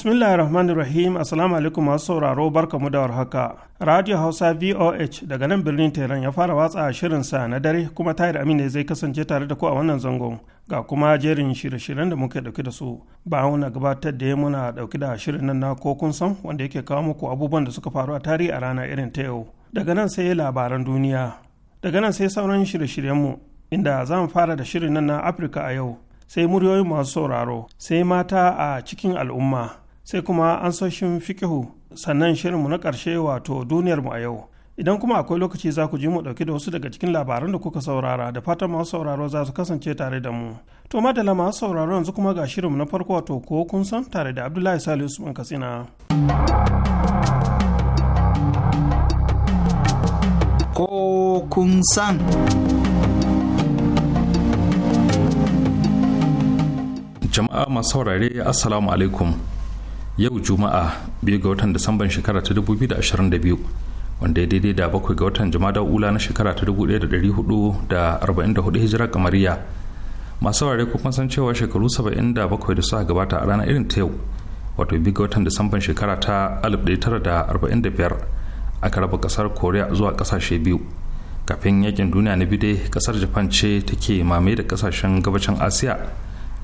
ar-Rahman ar rahim assalamu alaikum masu sauraro barka mu da haka. radio hausa voh daga nan birnin tehran ya fara watsa shirinsa na dare kuma tayar ne zai kasance tare da ku a wannan zangon ga kuma jerin shirye-shiryen da muke dauke da su ba muna gabatar da muna dauke da shirin nan na ko kun san wanda yake kawo muku abubuwan da suka faru a tarihi a rana irin ta yau daga nan sai labaran duniya daga nan sai sauran shirye-shiryenmu inda za mu fara da shirin nan na afirka a yau sai muryoyin masu sauraro sai mata a cikin al'umma sai kuma an ansoshin fikihu sannan shirinmu na ƙarshe wato duniyarmu a yau idan kuma akwai lokaci za ku ji mu ɗauki da wasu daga cikin labaran da kuka saurara da fatan masu sauraro za su kasance tare da mu to madala masu sauraro yanzu kuma ga shirinmu na farko wato ko kun san tare da abdullahi salisu usman katsina ko kun san jama'a masu saurare assalamu alaikum yau juma'a biyu ga watan disamban shekara ta 2022 wanda ya daidai da bakwai ga watan jama'a ula na shekara ta 1444 hijira kamariya masu ware kuma san cewa shekaru 77 da suka gabata a ranar irin ta yau wato biyu ga watan disamban shekara ta 1945 aka raba kasar korea zuwa kasashe biyu kafin yakin duniya na bide kasar japan ce take mame da kasashen gabacin asiya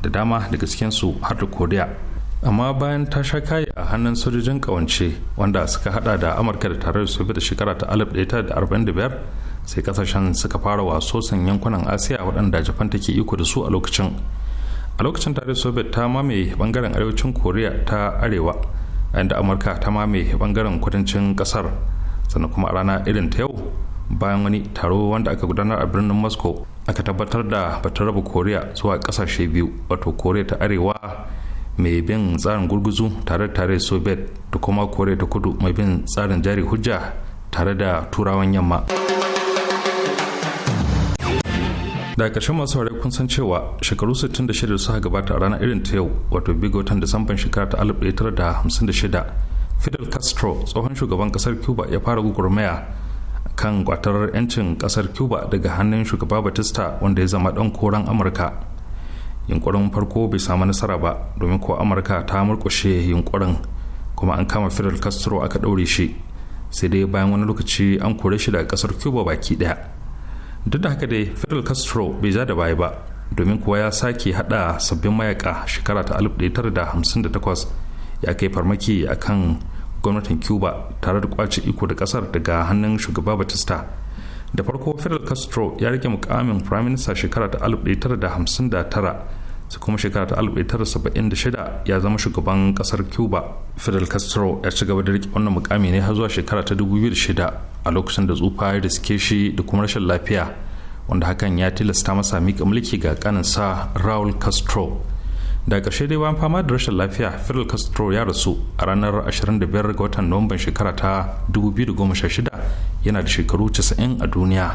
da dama daga cikinsu har da korea amma bayan ta sha kayi a hannun sojojin kawance wanda suka hada da amurka da tarayyar soviet shekara ta 1945 sai kasashen suka fara waso yankunan asiya waɗanda japan take iko da su a lokacin a lokacin tarayyar soviet ta mamaye bangaren arewacin koriya ta arewa inda amurka ta mamaye bangaren kudancin kasar sannan kuma a rana irin ta yau bayan wani taro wanda aka gudanar a birnin moscow aka tabbatar da bata raba koriya zuwa kasashe biyu wato koriya ta arewa mai bin tsarin gurguzu tare da tare soviet da kuma kore da kudu mai bin tsarin jari hujja tare da turawan yamma daga ƙarshen masu wari kun san cewa shekaru 66 suka gabata a ranar irin ta yau wato bigotan disamban shekara ta 1956 fidel castro tsohon shugaban kasar cuba ya fara gugurmaya kan kwatar 'yancin kasar cuba daga hannun shugaba batista wanda ya zama ɗan koren amurka yunkurin farko bai samu nasara ba domin ko amurka ta murkushe yunkurin kuma an kama fidel castro aka ɗaure shi sai dai bayan wani lokaci an kore shi daga kasar cuba baki ɗaya duk da haka dai fidel castro bai ja da baya ba domin kuwa ya sake hada sabbin mayaka shekara ta 1958 ya kai farmaki akan gwamnatin cuba tare da kwace iko da kasar daga hannun shugaba batista da farko fidel castro ya rike mukamin prime minister shekara ta 1959 sai kuma shekara ta 1976 ya zama shugaban kasar cuba fidel castro ya ci gaba da rike wannan mukami ne har zuwa shekara ta 2006 a lokacin da tsufa ya riske shi da kuma rashin lafiya wanda hakan ya tilasta masa mika mulki ga kaninsa raul castro da ƙarshe dai bayan fama da rashin lafiya fidel castro ya rasu a ranar 25 ga watan nuwamban shekara ta 2016 yana da shekaru 90 a duniya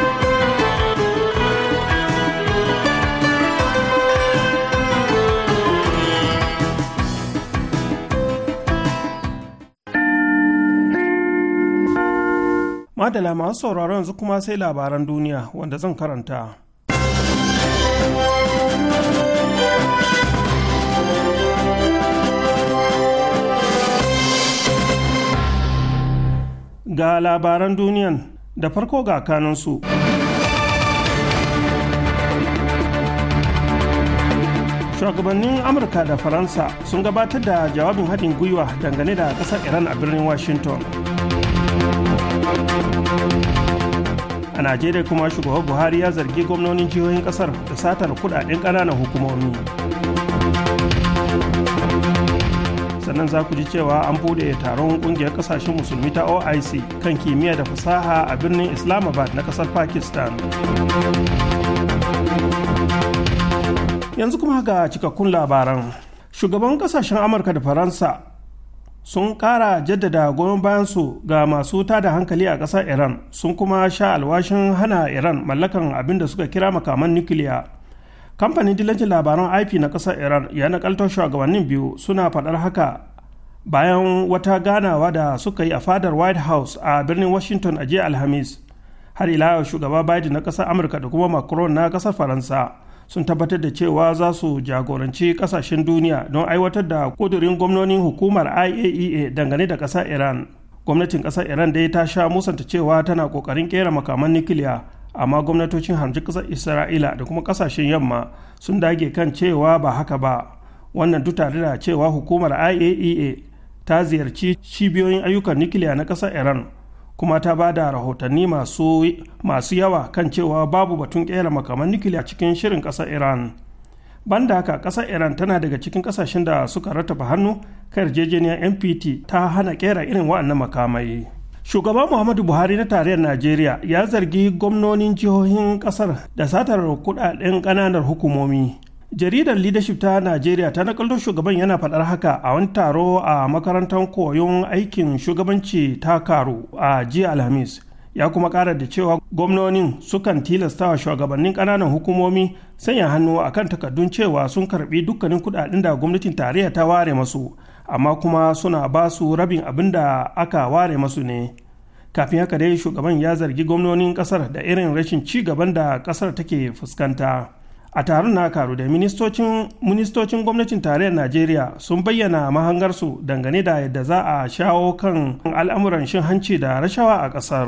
Madala masu sauraron yanzu kuma sai labaran duniya wanda zan karanta. Ga labaran duniyan da farko ga kanansu. shugabannin amurka da faransa sun gabatar da jawabin haɗin gwiwa dangane da ƙasar iran a birnin washington a najeriya kuma shugaban buhari ya zargi gwamnonin jihohin kasar da satar kudaden ƙananan hukumomi sannan za ku ji cewa an bude taron kungiyar ƙasashen musulmi ta oic kan kimiyya da fasaha a birnin islamabad na ƙasar pakistan yanzu kuma ga cikakkun labaran shugaban ƙasashen amurka da faransa sun ƙara jaddada goyon bayansu ga masu tada hankali a ƙasar iran sun kuma sha alwashin hana iran mallakan abin da suka kira makaman nukiliya kamfanin dilancin labaran ip na ƙasar iran ya nakaltar shugabannin biyu suna faɗar haka bayan wata ganawa da suka yi a fadar white house a birnin washington a jiya alhamis har ila shugaba biden na ƙasar amurka da kuma macron na ƙasar faransa sun tabbatar da cewa za su jagoranci kasashen duniya don aiwatar da kudurin gwamnonin hukumar iaea e dangane da ƙasar iran gwamnatin ƙasar iran dai ta sha musanta cewa tana ƙoƙarin ƙera makaman nikiliya amma gwamnatocin harjin ƙasar isra'ila da kuma ƙasashen yamma sun dage kan cewa ba haka ba wannan duk tare da cewa hukumar iaea e ta ziyarci cibiyoyin ayyukan nikiliya na ƙasar iran kuma ta ba da rahotanni masu yawa kan cewa babu batun kera makaman nukiliya cikin shirin ƙasar iran banda haka ƙasar iran tana daga cikin ƙasashen da suka rattaba hannu kan yarjejeniyar npt ta hana kera irin waɗannan makamai Shugaba muhammadu buhari na tarayyar najeriya ya zargi gwamnonin jihohin ƙasar da satar kuɗaɗen ƙananan hukumomi jaridar leadership ta najeriya ta nakaldo shugaban yana faɗar haka a wani taro a makarantar koyon aikin shugabanci ta karu a jiya alhamis ya kuma ƙara da cewa gwamnonin sukan tilastawa shugabannin ƙananan hukumomi sanya hannu a kan takardun cewa sun karɓi dukkanin kuɗaɗen da gwamnatin tarayya ta ware masu amma kuma suna ba su rabin abin da aka ware masu ne kafin haka dai shugaban ya zargi gwamnonin ƙasar da irin rashin ci gaban da ƙasar take fuskanta. a taron na karu da ministocin gwamnatin tarayyar najeriya sun bayyana mahangarsu dangane da yadda za a shawo kan al'amuran shin hanci da rashawa a ƙasar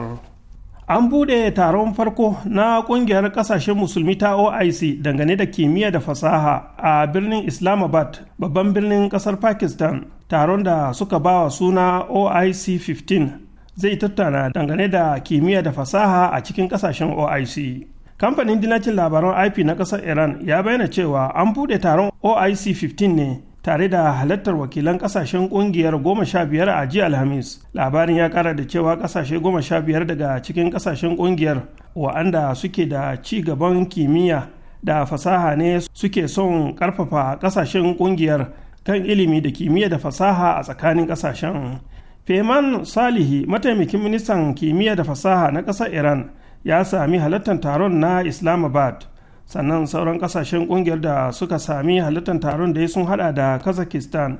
an buɗe taron farko na ƙungiyar ƙasashen musulmi ta oic dangane da kimiyya da fasaha a birnin islamabad babban birnin ƙasar pakistan taron da suka bawa suna oic 15 zai tattauna dangane da kimiyya da fasaha a cikin ƙasashen oic kamfanin dinacin labaran ip na ƙasar iran ya bayyana cewa an buɗe taron oic 15 ne tare da halartar wakilan kasashen kungiyar goma sha biyar a jiya alhamis labarin ya kara da cewa kasashe goma sha biyar daga cikin kasashen kungiyar wa'anda suke da ci gaban kimiyya da fasaha ne suke son karfafa kasashen kungiyar kan ilimi da kimiyya da fasaha a tsakanin kasashen feman salihi mataimakin ministan kimiyya da fasaha na ƙasar iran ya sami halartar taron na islamabad sannan sauran kasashen kungiyar da suka sami halartar taron da ya sun hada da kazakistan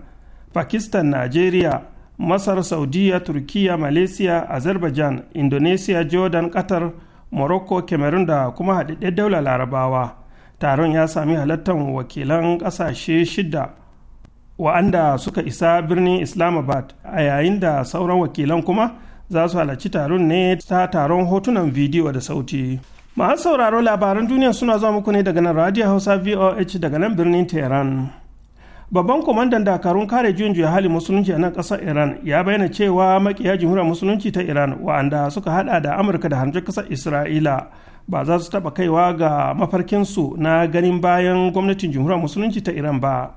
pakistan nigeria masar saudiya turkiya malaysia azerbaijan indonesia jordan qatar morocco cameroon da kuma haɗaɗɗen daular larabawa taron ya sami halartar wakilan ƙasashe shida wa'anda suka isa birnin islamabad a yayin da sauran wakilan kuma za su halarci taron ne ta taron hotunan bidiyo da sauti masu sauraro labaran duniya suna zuwa muku ne daga nan radio hausa voh daga nan birnin tehran babban kwamandan dakarun kare juyin juya hali musulunci a nan ƙasar iran ya bayyana cewa makiya jamhuriyar musulunci ta iran wa'anda suka hada da amurka da harjar ƙasar isra'ila ba za su taɓa kaiwa ga mafarkinsu na ganin bayan gwamnatin jamhuriyar musulunci ta iran ba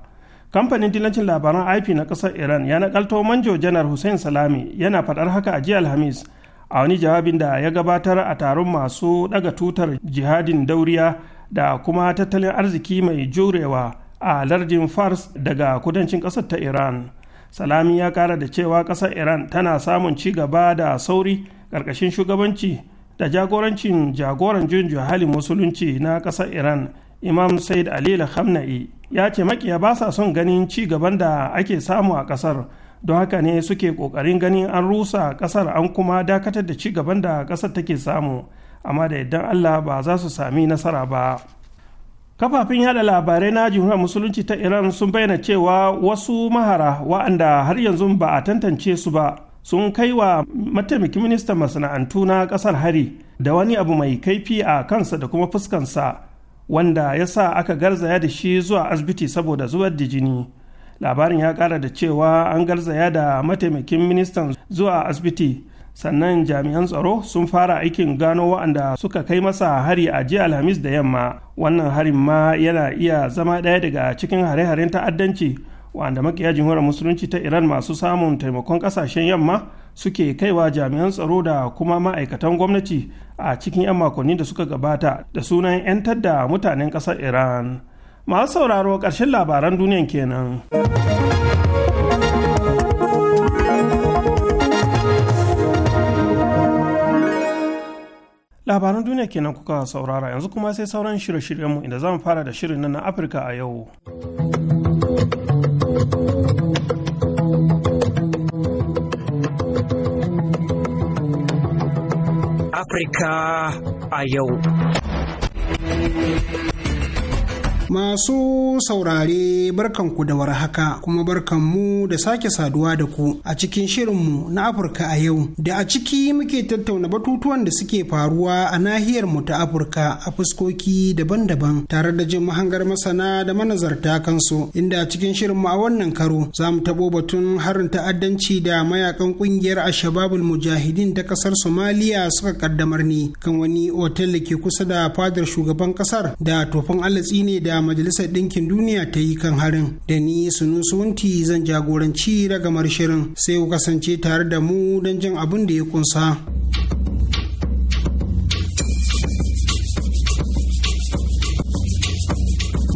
kamfanin dillacin labaran ip na kasar iran ya nakalto manjo janar hussein salami yana faɗar haka a jiya alhamis a wani jawabin da ya gabatar a taron masu ɗaga tutar jihadin dauriya da kuma tattalin arziki mai jurewa a lardin fars daga kudancin kasar ta iran salami ya kara da cewa kasar iran tana samun ci gaba da sauri karkashin shugabanci da jagorancin jagoran juyin halin musulunci na kasar iran imam said ali khamna'i ya ce makiya ba sa son ganin ci gaban da ake samu a kasar don haka ne suke kokarin ganin an rusa kasar an kuma dakatar da ci gaban da ƙasar take samu amma da yaddan allah ba za su sami nasara ba kafafen yada labarai na jihar musulunci ta iran sun bayyana cewa wasu mahara wa'anda har yanzu ba a tantance su ba sun kai wa mataimakin ministan masana'antu na kasar hari da wani abu mai kaifi a kansa da kuma fuskansa wanda ya sa aka garzaya da shi zuwa asibiti saboda zubar da jini labarin ya kara da cewa an garzaya da mataimakin ministan zuwa asibiti sannan jami'an tsaro sun fara aikin gano wa'anda suka kai masa hari a jiya alhamis da yamma wannan harin ma yana iya zama ɗaya daga cikin hare-haren ta'addanci wanda makiya jimhuriyar musulunci ta iran masu samun taimakon kasashen yamma suke kaiwa jami'an tsaro da kuma ma'aikatan gwamnati a cikin 'yan makonni da suka gabata da sunan 'yantar da mutanen ƙasar iran masu sauraro ƙarshen labaran duniyan kenan. labaran duniya kenan kuka saurara yanzu kuma sai sauran shirye-shiryenmu inda zamu fara da shirin na afirka a yau Afirka a yau. Masu saurare barkanku da warhaka kuma barkanmu da sake saduwa da ku a cikin shirin mu na Afirka a yau da a ciki muke tattauna batutuwan da suke faruwa a nahiyar mu ta Afirka a fuskoki daban-daban tare da jin mahangar masana da manazarta kansu inda a cikin mu a wannan karo za mu tabo batun harin ta'addanci da mayakan kungiyar Ashababul Mujahidin ta kasar Somaliya suka kaddamar ne kan wani otel da ke kusa da fadar shugaban kasar da tofin alatsi ne da a majalisar ɗinkin duniya ta yi kan harin da ni sunu zan jagoranci ragamar shirin sai ku kasance tare da mu don jin abin da ya kunsa.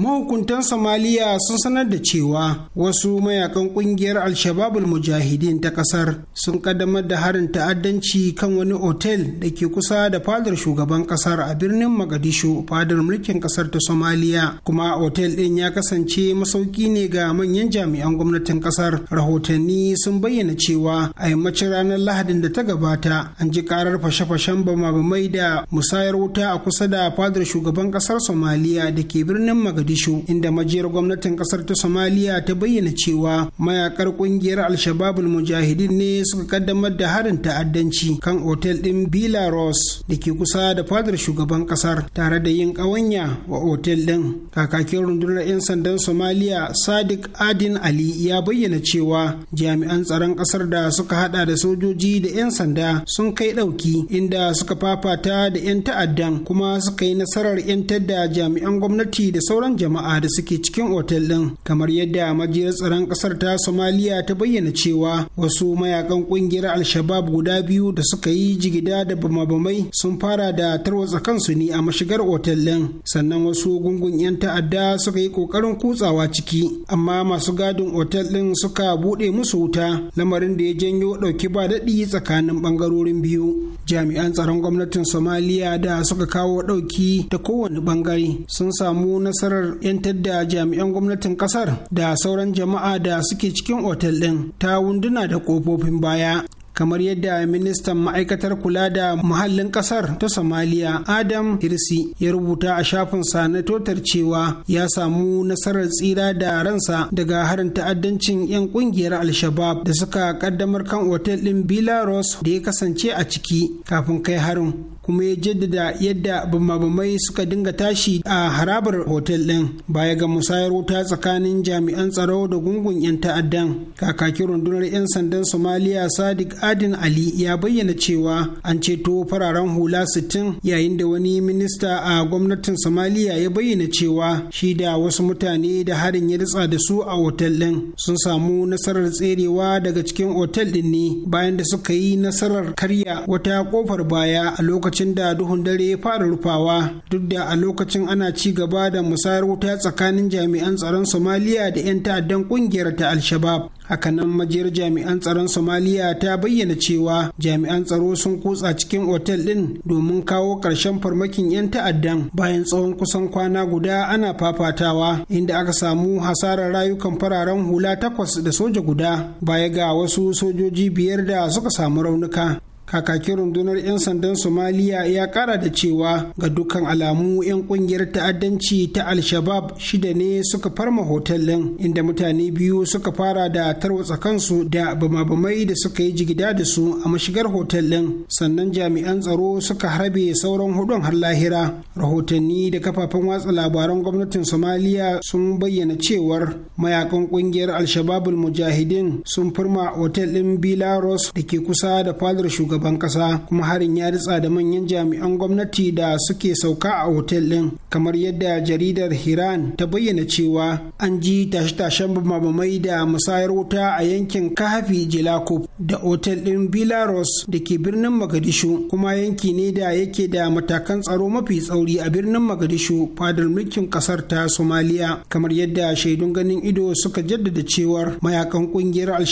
mahukuntan somaliya sun sanar da cewa wasu mayakan kungiyar alshababul mujahidin ta kasar sun kaddamar da harin ta'addanci kan wani otel da ke kusa da fadar shugaban kasar a birnin magadishu fadar mulkin kasar ta somaliya kuma otel din ya kasance masauki ne ga manyan jami'an gwamnatin kasar rahotanni sun bayyana cewa a yammacin ranar lahadin da ta gabata an ji karar fashe-fashen bama da musayar wuta a kusa da fadar shugaban kasar somaliya da ke birnin magadishu Mogadishu inda majiyar gwamnatin kasar ta Somaliya ta bayyana cewa mayakar kungiyar Al-Shababul Mujahidin ne suka kaddamar da harin ta'addanci kan otel din Ross da ke kusa da fadar shugaban kasar tare da yin kawanya wa otel din. Kakakin rundunar 'yan sandan Somaliya Sadiq Adin Ali ya bayyana cewa jami'an tsaron kasar da suka hada da sojoji da 'yan sanda sun kai dauki inda suka fafata da 'yan ta'addan kuma suka yi nasarar 'yantar da jami'an gwamnati da sauran jama'a da suke cikin otel ɗin kamar yadda majiyar tsaron ƙasar ta somaliya ta bayyana cewa wasu mayakan ƙungiyar al-shabab guda biyu da suka yi jigida da bama-bamai sun fara da tarwatsa kansu ne a mashigar otel ɗin sannan wasu gungun 'yan ta'adda suka yi ƙoƙarin kutsawa ciki amma masu gadin otel ɗin suka buɗe musu wuta lamarin da ya janyo ɗauki ba daɗi tsakanin ɓangarorin biyu jami'an tsaron gwamnatin somaliya da suka kawo ɗauki da kowane ɓangare sun samu nasarar 'yantar da jami'an gwamnatin kasar da sauran jama'a da suke cikin otel ɗin ta wunduna da ƙofofin baya kamar yadda ministan ma'aikatar kula da muhallin kasar ta somaliya adam hirsi ya rubuta a shafin sa na totar cewa ya samu nasarar tsira da ransa daga harin ta'addancin 'yan kungiyar al-shabab da suka kaddamar kan otel ɗin belarus da ya kasance a ciki kafin kai harin kuma ya jaddada yadda bambamai suka dinga tashi a harabar hotel ɗin baya ga musayar wuta tsakanin jami'an tsaro da gungun 'yan ta'addan kakakin rundunar 'yan sandan somaliya sadiq adin ali ya bayyana cewa an ceto fararen hula 60 yayin da wani minista a gwamnatin somaliya ya bayyana cewa shi da wasu mutane da harin ya ritsa da su a hotel ɗin sun samu nasarar tserewa daga cikin hotel ɗin ne bayan da suka yi nasarar karya wata kofar baya a lokacin lokacin da duhun dare ya fara rufawa duk da a lokacin ana ci gaba da musayar wuta tsakanin jami'an tsaron somaliya da 'yan ta'addan kungiyar ta alshabab hakanan majiyar jami'an tsaron somaliya ta bayyana cewa jami'an tsaro sun kutsa cikin otel ɗin domin kawo ƙarshen farmakin 'yan ta'addan bayan tsawon kusan kwana guda ana fafatawa inda aka samu hasarar rayukan fararen hula takwas da soja guda baya ga wasu sojoji biyar da suka samu raunuka kakakin rundunar 'yan sandan somaliya ya kara da cewa ga dukkan alamu 'yan kungiyar ta'addanci ta al-shabab shida ne suka farma hotel ɗin inda mutane biyu suka fara da tarwatsa kansu da bamabamai da suka yi jigida da su a mashigar hotel ɗin sannan jami'an tsaro suka harbe sauran hudun har lahira rahotanni da kafafen watsa labaran gwamnatin somaliya sun bayyana cewar mayakan kungiyar al-shabab mujahidin sun farma hotel ɗin bilaros da ke kusa da fadar shugaban shugaban kasa kuma harin ya ritsa da manyan jami'an gwamnati da suke sauka a otel ɗin kamar yadda jaridar hiran ta bayyana cewa an ji tashe-tashen bamamai da musayar wuta a yankin kahafi jilakub da otel ɗin belarus da ke birnin magadishu kuma yanki ne da yake da matakan tsaro mafi tsauri a birnin magadishu fadar mulkin kasar ta somaliya kamar yadda shaidun ganin ido suka jaddada cewar mayakan kungiyar al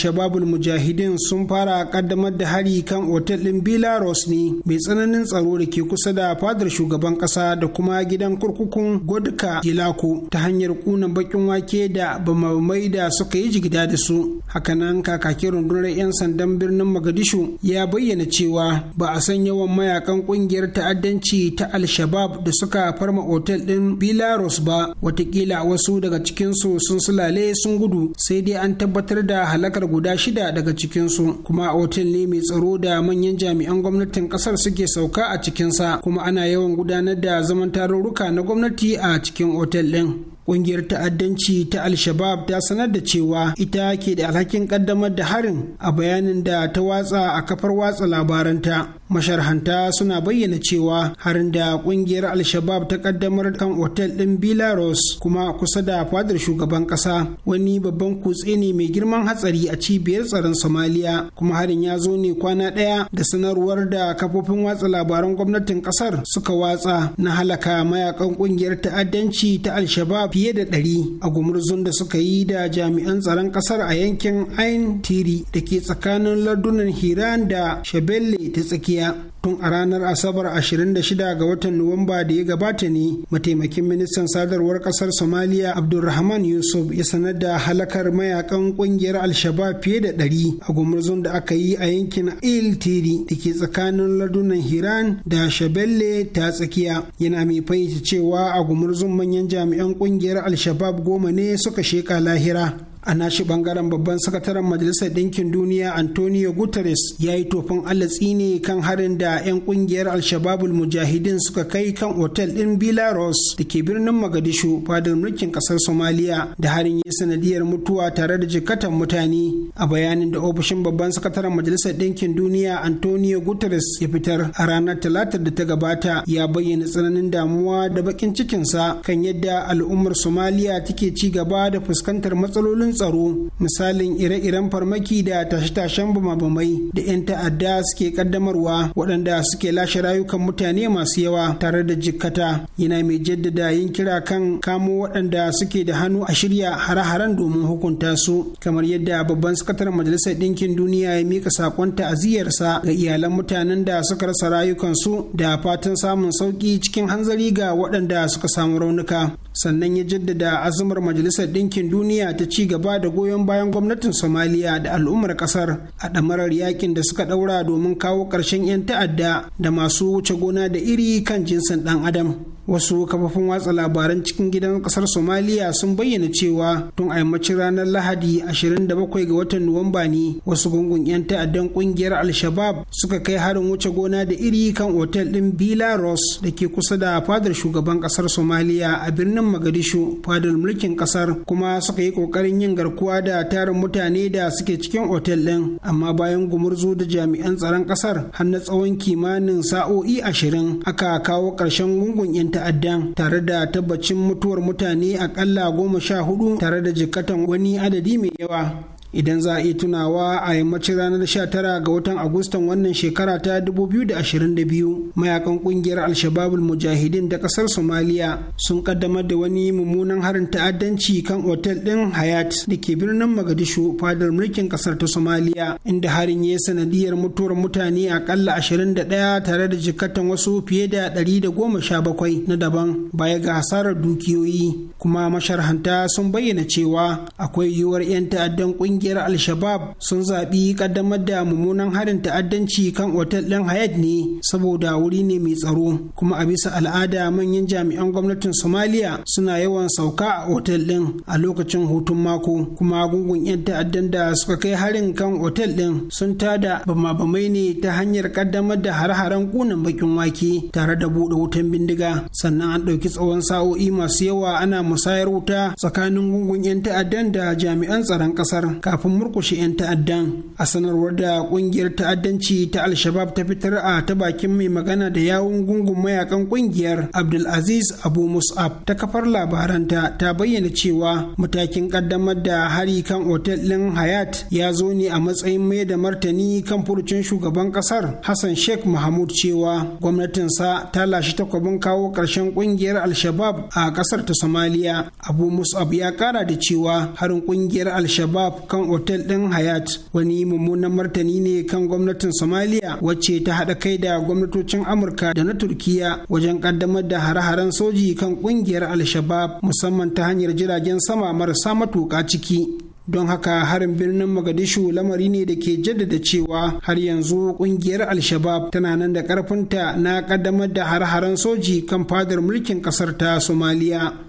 mujahidin sun fara kaddamar da hari kan otel otel ɗin belarus ne mai tsananin tsaro da ke kusa da fadar shugaban ƙasa da kuma gidan kurkukun godka jilako ta hanyar kuna bakin wake da bamamai da suka yi jigida da su hakanan kakakin rundunar 'yan sandan birnin magadishu ya bayyana cewa ba a san yawan mayakan ƙungiyar ta'addanci ta al-shabab da suka farma otel ɗin belarus ba watakila wasu daga cikinsu sun sulale sun gudu sai dai an tabbatar da halakar guda shida daga cikinsu kuma otel ne mai tsaro da manyan manyan jami'an gwamnatin kasar suke sauka a cikinsa kuma ana yawan gudanar da zaman tarurruka na gwamnati a cikin otel ɗin. Ƙungiyar ta'addanci ta Al-Shabab ta sanar da cewa ita ke da alhakin ƙaddamar da harin a bayanin da ta watsa a kafar watsa labaranta. masharhanta suna bayyana cewa harin da kungiyar al-shabab ta kaddamar kan otel ɗin belarus kuma kusa da fadar shugaban ƙasa wani babban kutse ne mai girman hatsari a cibiyar tsaron somaliya kuma harin ya zo ne kwana ɗaya da sanarwar da kafofin watsa labaran gwamnatin ƙasar suka watsa na halaka mayakan kungiyar ta'addanci ta al-shabab fiye da ɗari a gumurzun da suka yi da jami'an tsaron ƙasar a yankin ain tiri da ke tsakanin lardunan hiran da shabelle ta tsakiya Najeriya tun a ranar Asabar 26 ga watan Nuwamba da ya gabata ne mataimakin ministan sadarwar kasar Somaliya Abdulrahman Yusuf ya sanar da halakar mayakan kungiyar al shabab fiye da 100 a gumurzun da aka yi a yankin Il Tiri da ke tsakanin ladunan Hiran da Shabelle ta tsakiya yana mai fahimta cewa a gumurzun manyan jami'an kungiyar al shabab goma ne suka sheka lahira. a nashi bangaren babban sakataren majalisar ɗinkin duniya antonio guterres ya yi tofin alatsi ne kan harin da 'yan kungiyar alshababul mujahidin suka kai kan otel ɗin belarus da ke birnin magadishu fadar mulkin ƙasar somaliya da harin ya sanadiyar mutuwa tare da jikatan mutane a bayanin da ofishin babban sakataren majalisar ɗinkin duniya antonio guterres ya fitar a ranar talatar da ta gabata ya bayyana tsananin damuwa da bakin cikinsa kan yadda al'ummar somaliya take ci gaba da fuskantar matsalolin matsalolin tsaro misalin ire-iren farmaki da tashe-tashen bamabamai da 'yan ta'adda suke kaddamarwa waɗanda suke lashe rayukan mutane masu yawa tare da jikkata yana mai jaddada yin kira kan kamo waɗanda suke da hannu a shirya hare-haren domin hukunta su kamar yadda babban sakataren majalisar ɗinkin duniya ya mika saƙon ta'aziyarsa ga iyalan mutanen da suka rasa rayukansu da fatan samun sauƙi cikin hanzari ga waɗanda suka samu raunuka sannan ya jaddada azumar majalisar ɗinkin duniya ta ci gaba da goyon bayan gwamnatin somaliya da al'ummar ƙasar a ɗamarar yakin da suka ɗaura domin kawo ƙarshen 'yan ta'adda da masu wuce gona da iri kan jinsin ɗan adam wasu kafafin watsa labaran cikin gidan kasar somaliya sun bayyana cewa tun aimacin ranar lahadi 27 ga watan nuwamba ne wasu gungun 'yan ta'addan kungiyar al-shabab suka kai harin wuce gona da iri kan otel din bila ross da ke kusa da fadar shugaban kasar somaliya a birnin magadishu fadar mulkin kasar kuma suka yi kokarin yin garkuwa da tarin mutane da suke cikin otel din amma bayan gumurzu da jami'an tsaron kasar har na tsawon kimanin sa'o'i ashirin aka kawo ƙarshen gungun 'yan ta'addan tare da tabbacin mutuwar mutane akalla goma sha hudu tare da jikatan wani adadi mai yawa idan za a iya tunawa a yammacin ranar 19 ga watan agustan wannan shekara ta 2022 mayakan kungiyar alshababul mujahidin da kasar somaliya sun kaddamar da wani mummunan harin ta'addanci kan otel din hayat da ke birnin magadishu fadar mulkin kasar ta somaliya inda harin ya sanadiyar mutuwar mutane akalla 21 tare da jikatan wasu fiye da 117 na daban baya ga hasarar dukiyoyi kuma masharhanta sun bayyana cewa akwai yiwuwar 'yan ta'addan kungiyar kungiyar al-shabab sun zaɓi kaddamar da mummunan harin ta'addanci kan otel ɗin hayat ne saboda wuri ne mai tsaro kuma a bisa al'ada manyan jami'an gwamnatin somaliya suna yawan sauka a otel ɗin a lokacin hutun mako kuma gungun 'yan ta'addan da suka kai harin kan otel ɗin sun tada bama-bamai ne ta hanyar kaddamar da har-haren kunan bakin wake tare da buɗe wutan bindiga sannan an ɗauki tsawon sa'o'i masu yawa ana musayar wuta tsakanin gungun 'yan ta'addan da jami'an tsaron ƙasar kafin murkushe 'yan ta'addan a sanarwar da kungiyar ta'addanci ta alshabab ta fitar a ta bakin mai magana da yawun gungun mayakan kungiyar abdulaziz abu mus'ab ta kafar labaranta ta bayyana cewa matakin kaddamar da hari kan otel ɗin hayat ya zo ne a matsayin mai da martani kan furucin shugaban kasar hassan sheikh mahmud cewa gwamnatinsa ta lashe takwabin kawo ƙarshen kungiyar alshabab a ƙasar ta somaliya abu mus'ab ya ƙara da cewa harin kungiyar alshabab kan otel ɗin hayat wani mummunan martani ne kan gwamnatin somaliya wacce ta haɗa kai da gwamnatocin amurka da na turkiya wajen ƙaddamar da hare-haren soji kan ƙungiyar al-shabab musamman ta hanyar jiragen sama marasa matuƙa ciki don haka harin birnin Magadishu lamari ne da ke jaddada cewa har yanzu kungiyar Al-Shabab tana nan da karfinta na ƙaddamar da har-haren soji kan fadar mulkin kasar ta Somaliya.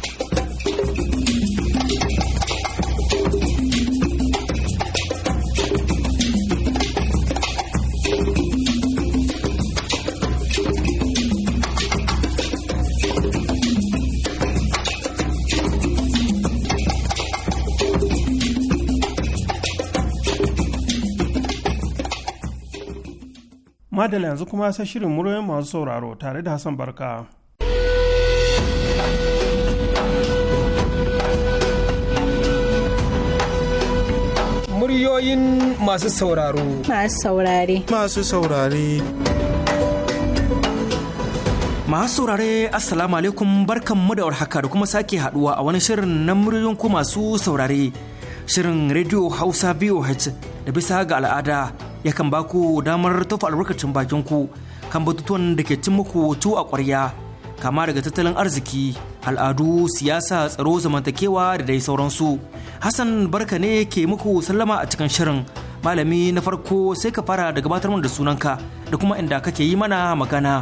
madala yanzu kuma sai shirin muryoyin masu sauraro tare da hassan barka muryoyin masu sauraro masu saurare masu saurare Masu saurare Assalamu alaikum barkanmu da warhaka da kuma sake haduwa a wani shirin na muryoyin ku masu saurare. Shirin Radio Hausa VOH da bisa ga al'ada yakan ba ku damar tofa albarkacin bakin ku kan batutuwan da ke cin muku tu a ƙwarya kama daga tattalin arziki al'adu siyasa tsaro zamantakewa da dai sauransu hassan barka ne ke muku sallama a cikin shirin malami na farko sai ka fara da gabatar da sunanka da kuma inda kake yi mana magana.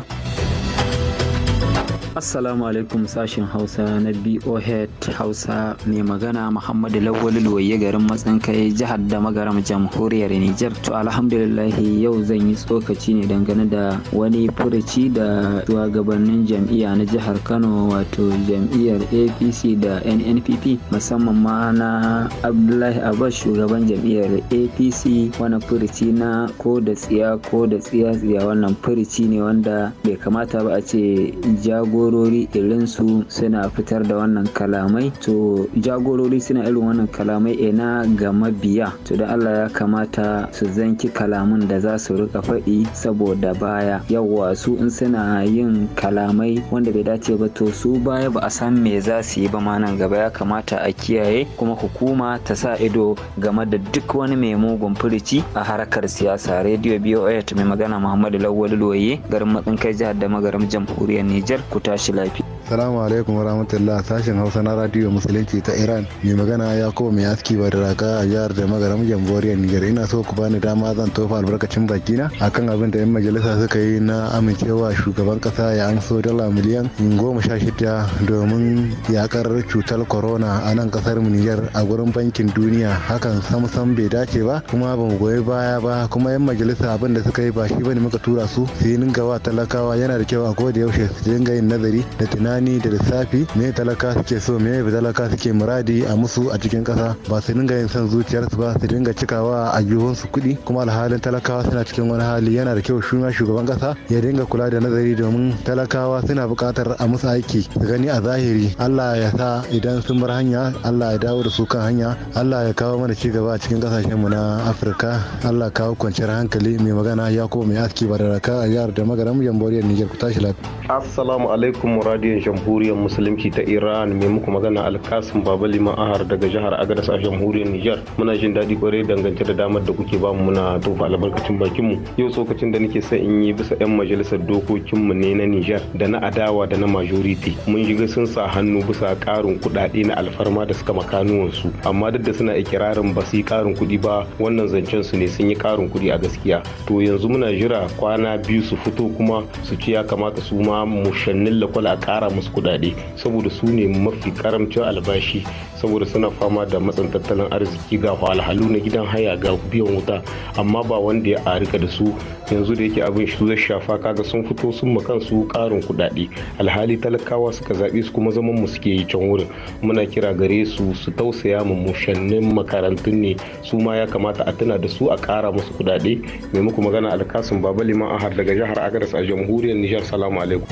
Assalamu alaikum sashen Hausa na BOHED Hausa mai magana Muhammadu Lawal Luwaye garin matsan kai jihar da magaram jamhuriyar Nijar. To alhamdulillah yau zan yi tsokaci ne dangane da wani furuci da shugabannin jam'iyya na jihar Kano wato jam'iyyar APC da NNPP musamman ma na Abdullahi Abbas shugaban jam'iyyar APC wani furuci na ko da tsiya ko da tsiya tsiya wannan furuci ne wanda bai kamata ba a ce jago jagorori irin su suna fitar da wannan kalamai to jagorori suna irin wannan kalamai ina eh, ga mabiya to da Allah ya kamata su zanki kalamun da za su rika faɗi saboda baya yawa su in suna yin kalamai wanda bai dace ba to su baya ba a san me za su yi ba ma nan gaba ya kamata a kiyaye kuma hukuma ta sa ido game da duk wani mai mugun furici a harkar siyasa radio BOA mai magana Muhammadu Lawal Loye garin matsin jihar da magaram jamhuriyar Nijar ku 我洗了一批。Salamu alaikum wa rahmatullah sashen Hausa na Radio Musulunci ta Iran. Mai magana ya kuma mai aski ba da raka a jihar da magaram jamhuriyar Nijar. Ina so ku bani dama zan tofa albarkacin baki na akan abin da 'yan majalisa suka yi na amincewa shugaban kasa ya amso dala miliyan goma sha shida domin yakar cutar corona a nan kasar mu Nijar a gurin bankin duniya. Hakan samsam bai dace ba kuma ban goyi baya ba kuma 'yan majalisa abin da suka yi ba shi bane muka tura su su yi wa talakawa yana da kyau a koda yaushe su dinga yin nazari da tunani rani da lissafi me talaka suke so me talaka suke muradi a musu a cikin kasa ba su dinga yin son zuciyarsu ba su dinga cikawa a su kuɗi kuma alhalin talakawa suna cikin wani hali yana da kyau shuna shugaban kasa ya dinga kula da nazari domin talakawa suna buƙatar a musu aiki su gani a zahiri Allah ya sa idan sun bar hanya Allah ya dawo da su kan hanya Allah ya kawo mana cigaba a cikin kasashenmu na Afirka Allah kawo kwanciyar hankali mai magana ya kuma mai aski ba da raka a yar da magaram jamhuriyar Niger ku tashi lafiya. Assalamu alaikum radiyon jamhuriyar musulunci ta iran mai muku magana alkasim baba liman ahar daga jihar agadas a jamhuriyar nijar muna jin daɗi kwarai dangance da damar da kuke bamu muna tofa albarkacin bakinmu yau sokacin da nake sa in yi bisa 'yan majalisar dokokinmu ne na nijar da na adawa da na majority mun shiga sun sa hannu bisa karin kuɗaɗe na alfarma da suka makanuwansu amma duk da suna ikirarin ba su yi ƙarin kuɗi ba wannan zancen su ne sun yi karin kuɗi a gaskiya to yanzu muna jira kwana biyu su fito kuma su ci ya kamata su ma shannin lakwal a ƙara musu kuɗaɗe saboda su ne mafi karamcin albashi saboda suna fama da matsan tattalin arziki ga halhalu na gidan haya ga biyan wuta amma ba wanda ya arika da su yanzu da yake abin shi zai shafa kaga sun fito sun ma kansu karin kudade alhali talakawa suka zaɓe su kuma zaman mu suke yi can wurin muna kira gare su su tausaya mu mushannin makarantun ne su ma ya kamata a tuna da su a ƙara musu kuɗaɗe muku magana alkasun baba liman ahar daga jihar agadas a jamhuriyar nijar salamu alaikum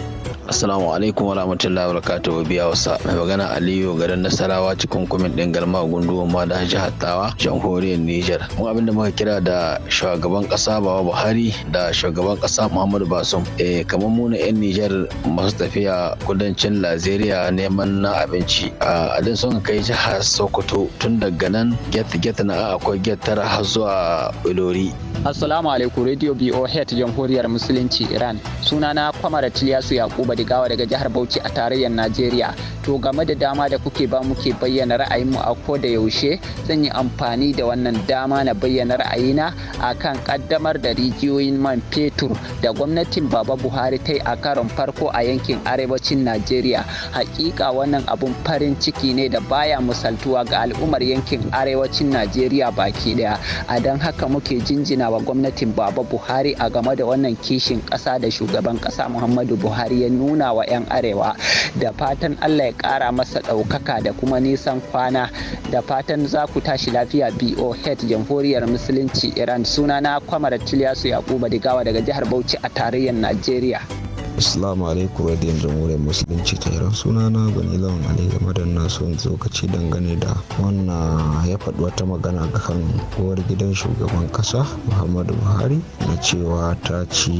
assalamu alaikum wa rahmatullahi wa biya wasa mai magana aliyu garin nasarawa cikin kumin din galma gunduwan ma da jihar tawa jamhuriyar niger mu abinda muka kira da shugaban kasa bawa buhari da shugaban kasa muhammadu basum eh kamar mu na yan niger masu tafiya kudancin lazeriya neman na abinci a adin sun kai jihar sokoto tun daga nan get get na akwai get tara har zuwa ilori assalamu alaikum radio boh jamhuriyar musulunci iran sunana kwamar tiliyasu yakuba digawa daga jihar bauchi mulki a tarayyar najeriya to game da dama da kuke ba muke bayyana ra'ayinmu a ko da yaushe zan yi amfani da wannan dama na bayyana ra'ayina a kan kaddamar da rijiyoyin man fetur da gwamnatin baba buhari ta yi a karon farko a yankin arewacin najeriya hakika wannan abun farin ciki ne da baya misaltuwa ga al'ummar yankin arewacin najeriya baki daya a don haka muke jinjina wa gwamnatin baba buhari a game da wannan kishin ƙasa da shugaban ƙasa muhammadu buhari ya nuna wa 'yan arewa ba da fatan Allah ya ƙara masa ɗaukaka da kuma nisan kwana da fatan za ku tashi lafiya boh Jamhuriyar Musulunci Iran sunana Kwamar Tiliyasu Yakuba Digawa daga jihar Bauchi a tarayyar Najeriya. Assalamu alaikum radiyon jamhuriyar musulunci ta iran suna na gani lawan ali game da na ka tsokaci dangane da wannan ya faɗi wata magana ga kan uwar gidan shugaban ƙasa muhammadu buhari na cewa ta ci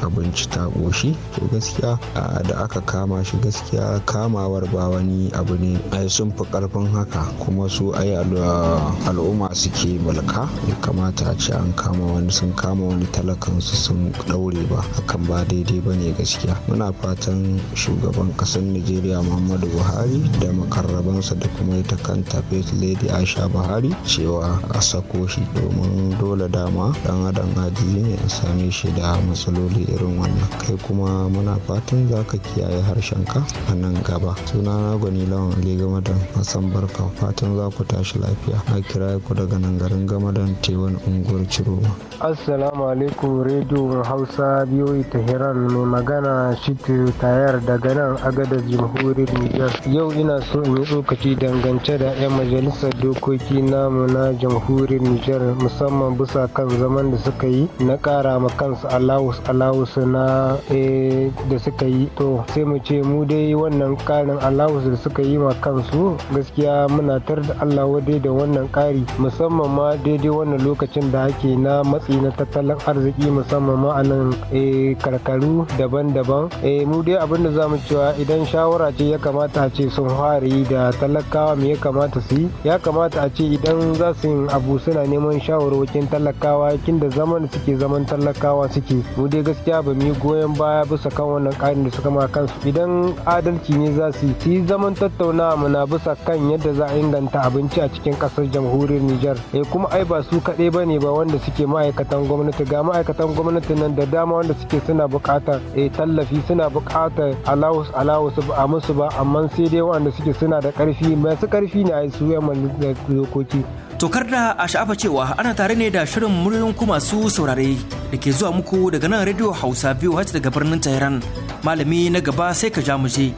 abinci ta ƙoshi to gaskiya da aka kama shi gaskiya kamawar ba wani abu ne ai sun fi ƙarfin haka kuma su ai al'umma suke mulka ya kamata a ce an kama wani sun kama wani talakansu sun ɗaure ba hakan ba daidai ba ne gaskiya gaskiya muna fatan shugaban kasar nigeria muhammadu buhari da makarrabansa da kuma ita kanta faith lady aisha buhari cewa a sako shi domin dole dama dan adam ajiye ne a same shi da matsaloli irin wannan kai kuma muna fatan za ka kiyaye harshenka a nan gaba suna na gwani lawan ali gamadan hassan barka fatan za ku tashi lafiya a kira ku daga nan garin gamadan tewan unguwar ciroma assalamu alaikum radio hausa biyoyi tehran magana magana Shitu Tayar daga nan agadar jamhuriyar Nijar. Yau ina so in yi tsokaci dangance da 'yan majalisar dokoki namu na jamhuriyar Nijar musamman bisa kan zaman da suka yi na kara ma kansu alawus alawus na eh, da suka yi to sai mu ce mu dai wannan karin alawus da suka yi ma kansu gaskiya muna tar da Allah wadai da wannan kari musamman ma daidai wannan lokacin da ake na matsi na tattalin arziki musamman ma a nan eh, karkaru daban daban eh mu dai abin da zamu cewa idan shawara ce ya kamata a ce sun fari da talakawa me ya kamata su yi ya kamata a ce idan za su yin abu suna neman shawarwakin talakawa kin da zaman suke zaman talakawa suke mu dai gaskiya ba mu yi goyon baya bisa kan wannan ƙarin da suka ma kansu idan adalci ne za su yi zaman tattaunawa muna bisa kan yadda za a inganta abinci a cikin ƙasar jamhuriyar Nijar eh kuma ai ba su kaɗai ba ne ba wanda suke ma'aikatan gwamnati ga ma'aikatan gwamnati nan da dama wanda suke suna buƙatar eh tallafi suna buƙatar alawus alawus a musu ba amma sai dai waɗanda suke suna da ƙarfi masu ƙarfi ne a su yan da dokoki. tokar da a sha'afa cewa ana tare ne da shirin muryoyin ku masu saurare da ke zuwa muku daga nan rediyo hausa biyu hajji daga birnin tehran malami na gaba sai ka ja mu je.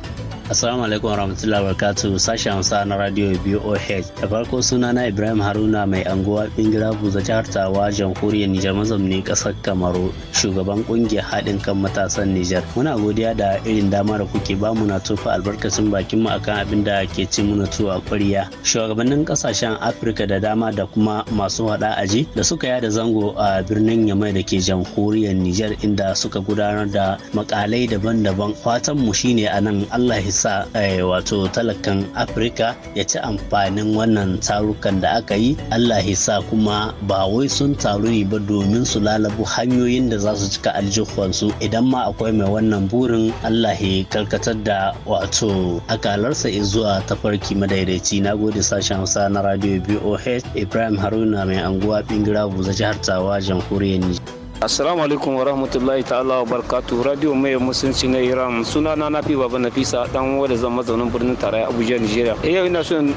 Assalamu alaikum wa barakatu sashi Hausa na radio BOH. Da farko suna na Ibrahim Haruna mai anguwa Bingira Buza jihar Tawa jamhuriyar Nijar mazamni kasar Kamaru shugaban kungiyar haɗin kan matasan Nijar. Muna godiya da irin dama da kuke ba mu na tofa albarkacin bakin mu akan abin da ke ci mu tuwa kwariya. Shugabannin kasashen Afirka da dama da kuma masu hada aji da suka yada zango a birnin Yamai da ke jamhuriyar Nijar inda suka gudanar da makalai daban-daban. Fatan mu shine a nan Allah ya sa eh, wato talakan afirka ya ci amfanin wannan tarukan da aka yi allah sa kuma ba wai sun taru ne ba domin su lalabu hanyoyin da za su cika aljihuwansu idan ma akwai mai wannan burin allah ya karkatar da wato akalarsa zuwa tafarki madaidaici na gode sashen hausa na radio boh ibrahim haruna mai anguwa bingira buza jihar tawa jamhuriyar nijar Assalamu alaikum wa rahmatullahi ta'ala wa barkatu Radio Mai Musulunci na Iran suna na Nafi Baba Nafisa dan wanda zan mazaunin birnin tarayya Abuja Nigeria. Eh ina so in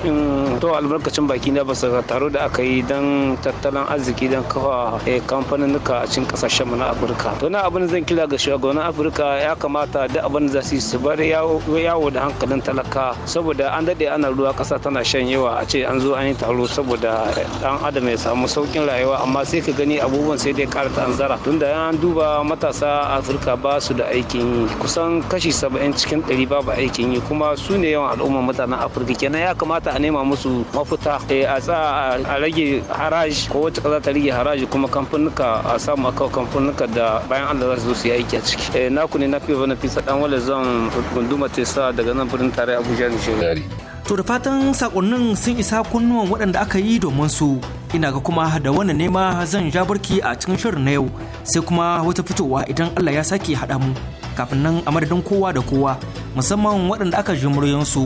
to albarkacin baki na basa taro da aka yi dan tattalin arziki dan kafa eh, nuka a cikin kasashen mu na Afirka. To na abin zan kila ga shugabannin Afirka ya kamata da abin za su su bar yawo da hankalin talaka saboda an dade ana ruwa kasa tana shan yawa a ce an zo an yi taro saboda dan adam ya samu saukin rayuwa amma sai ka gani abubuwan sai dai an zara tunda an duba matasa afirka ba su da aikin yi kusan kashi saba'in cikin ɗari babu aikin yi kuma su ne yawan al'ummar mutanen afirka kenan ya kamata a nema musu mafuta eh, a tsa a rage haraji ko wacce kaza ta rage haraji kuma kamfanuka a samu akawa kamfanuka da bayan allah za su zo su yi aiki a ciki eh, na ku ne na fiye na fisa dan wale zan gunduma tesa daga nan birnin tare abuja shi To da fatan sakonnin sun isa kunnuwan waɗanda aka yi domin su ina ga kuma da wani nema zan ja barki a cikin shirin na yau sai kuma wata fitowa idan Allah ya sake haɗa mu kafin nan a madadin kowa da kowa musamman waɗanda aka ji muryansu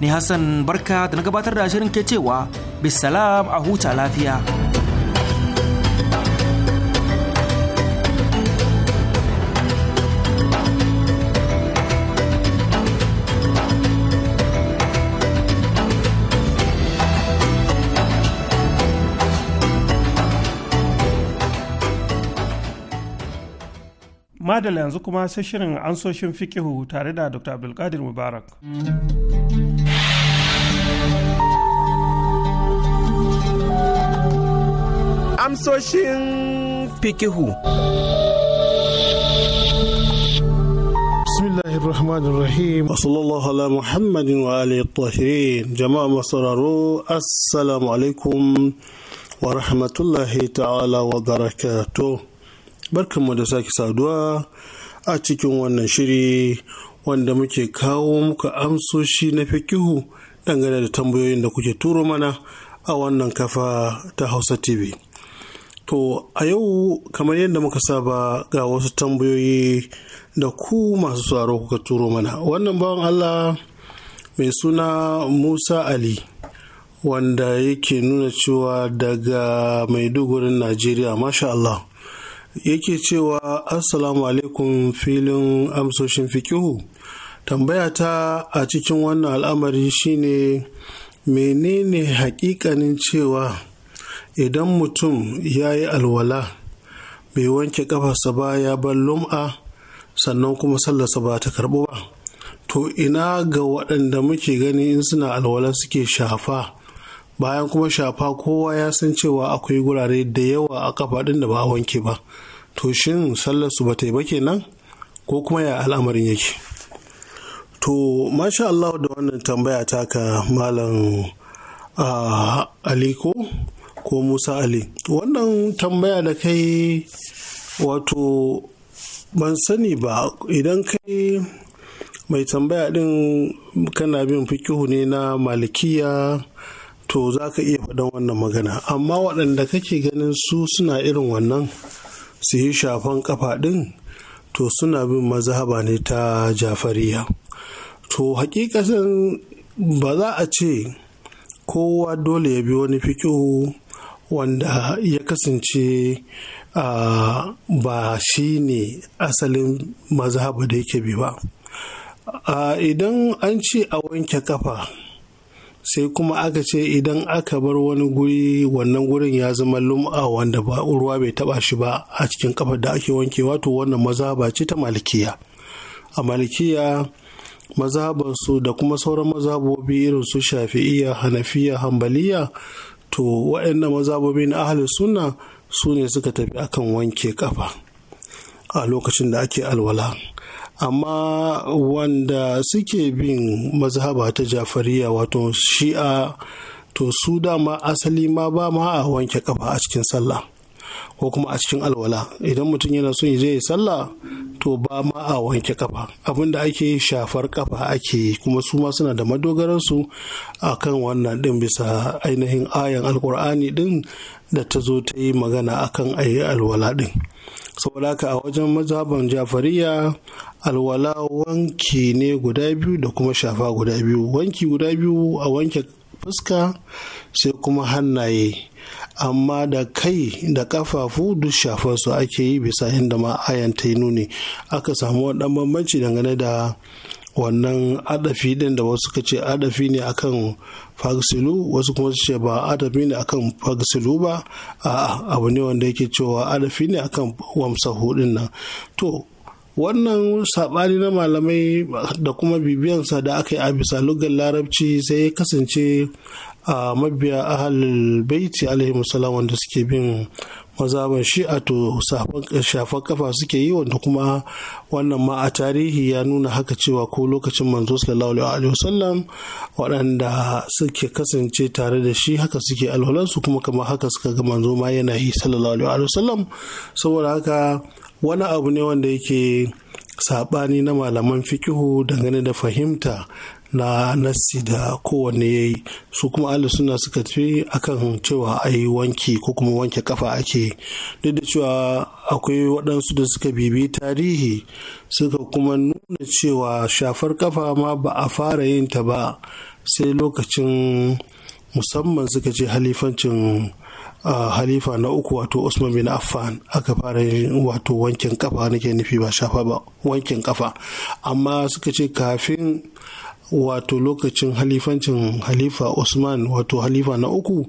ni Hassan barka da na gabatar da shirin ke cewa bisalam a huta lafiya. madala yanzu kuma sai shirin ansoshin fikihu tare da dr abdulkadir mubarak amsoshin fikihu bismillahir rahmanir rahim sallallahu ala muhammadin wa alihi tahirin jama'a masararo assalamu alaikum wa rahmatullahi ta'ala wa barakatuh barkanmu da sake saduwa a cikin wannan shiri wanda muke kawo muka amsoshi na fikihu dangane da tambayoyin da kuke turo mana a wannan kafa ta hausa tv to a yau kamar yadda muka saba ga wasu tambayoyi da ku masu tsaro kuka turo mana wannan bawan allah mai suna musa ali wanda yake nuna cewa daga Maiduguri najeriya masha allah yake cewa assalamu alaikum filin amsoshin fikihu tambaya ta a cikin wannan al'amari shine menene hakikanin cewa idan mutum ya yi alwala bai wanke kafarsa ba ya bar lum'a sannan kuma sallarsa ba ta karɓu ba to ina ga waɗanda muke gani in suna alwala suke shafa bayan kuma shafa kowa ya san cewa akwai gurare da yawa a kafa ɗin da ba a wanke ba to shin sallar su bata yi ba kenan ko kuma ya al'amarin yake to masha Allah da wannan tambaya taka malam aliko ko musa ali wannan tambaya da kai wato ban sani ba idan kai mai tambaya din kana bin fikihu ne na malikiya to za ka iya faɗan wannan magana amma waɗanda kake ganin su suna irin wannan su yi shafan kafa ɗin to suna bin mazhaba ne ta jafariya to hakikatan ba za a ce kowa dole ya bi wani fiƙo wanda ya kasance uh, ba shi ne asalin mazhaba da yake bi ba idan an ce a wanke kafa sai kuma aka ce idan aka bar wani guri wannan gurin ya zama lum'a wanda ba ruwa bai taba shi ba a cikin kafar da ake wanke wato wannan maza ba ce ta malikiya a malikiya mazabansu da kuma sauran mazabobi irin su shafi'iya hanafiya hambaliya to waɗannan mazabobi na ahli sunna su ne suka tafi akan wanke kafa a lokacin da ake alwala amma wanda suke bin mazhaba ta jafariya wato shi'a to su dama asali ma ba ma a wanke kafa a cikin sallah ko kuma a cikin alwala idan mutum yana son zai yi sallah to ba ma a wanke kafa abinda ake shafar kafa ake kuma su ma suna da madogararsu a kan wannan din bisa ainihin ayan alkur'ani din da ta zo ta yi magana akan ayi alwala din saboda a wajen mazhaban jafariya alwala wanki ne guda biyu da kuma shafa guda biyu wanki guda biyu a wanke fuska sai kuma hannaye amma da kai da kafafu duk shafansu ake yi bisa inda ma ayan yi nuni aka samu wadannan bambanci dangane da wannan adafi din da wasu ka ce adafi ne akan fagsilu wasu kuma su ce ba adafi ne akan fagsilu ba a abu ne wanda yake cewa adafi ne akan wamsahu din nan to wannan saɓani na malamai da kuma bibiyansa da aka yi a bisa lugar larabci sai ya kasance a mabiya ahalul baiti alaihi wanda suke bin mazaban to shafan kafa suke yi wanda kuma wannan ma a tarihi ya nuna haka cewa ko lokacin manzo sallallahu alaihi wasallam waɗanda suke kasance tare da shi haka suke alwalansu kuma kamar haka suka ga manzo ma yana yi sallallahu alaihi wasallam saboda haka wani abu ne wanda yake saɓani na malaman fikihu dangane da fahimta na nasi da kowanne ya yi su kuma ahli suna suka ce akan cewa a yi wanki ko kuma wanke kafa ake duk da cewa akwai waɗansu da suka bibi tarihi suka kuma nuna cewa shafar kafa ma ba a fara yin ta ba sai lokacin musamman suka ce halifancin halifa na uku wato usman bin affan aka fara yin wato wankin kafa nake nufi ba shafa ba wankin kafa amma suka ce kafin wato lokacin halifancin halifa Usman wato halifa na uku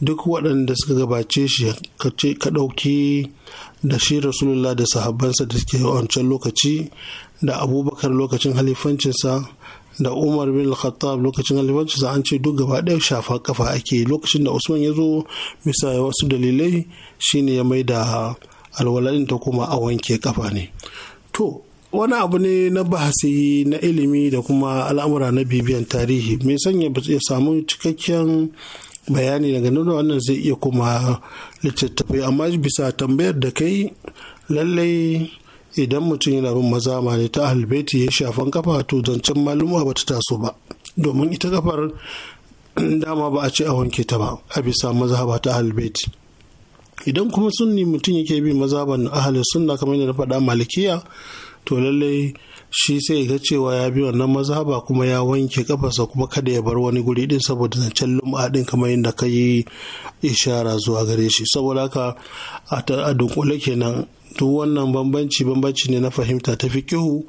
duk waɗanda suka gabace shi ka ɗauki da shi rasulullah da sahabbansa da suke wancan lokaci da abubakar lokacin halifancinsa da umar bin khattab lokacin halifancinsa an ce duk gaba ɗaya shafa kafa ake lokacin da usman ya zo bisa wasu dalilai shine ya mai da alwaladin ta kuma a wanke kafa ne to wani abu ne na bahasi na ilimi da kuma al'amura na bibiyan tarihi mai sanya ya samu cikakken bayani daga nuna wannan zai iya kuma littattafai amma bisa tambayar da kai lallai idan mutum yana bin mazama ne ta albeti ya shafan kafa to zancen maluma ba ta taso ba domin ita kafar dama ba a ce a wanke ta ba a bisa mazhaba ta albeti idan kuma sunni mutum yake bi mazhaban ahalin sunna kamar yadda na faɗa malikiya to lallai shi sai ga cewa ya bi wannan mazhaba kuma ya wanke kafarsa kuma kada ya bar wani guri din saboda zancen lum'a din kamar yadda ka yi ishara zuwa gare shi saboda haka a dunkule kenan duk wannan bambanci bambanci ne na fahimta ta kihu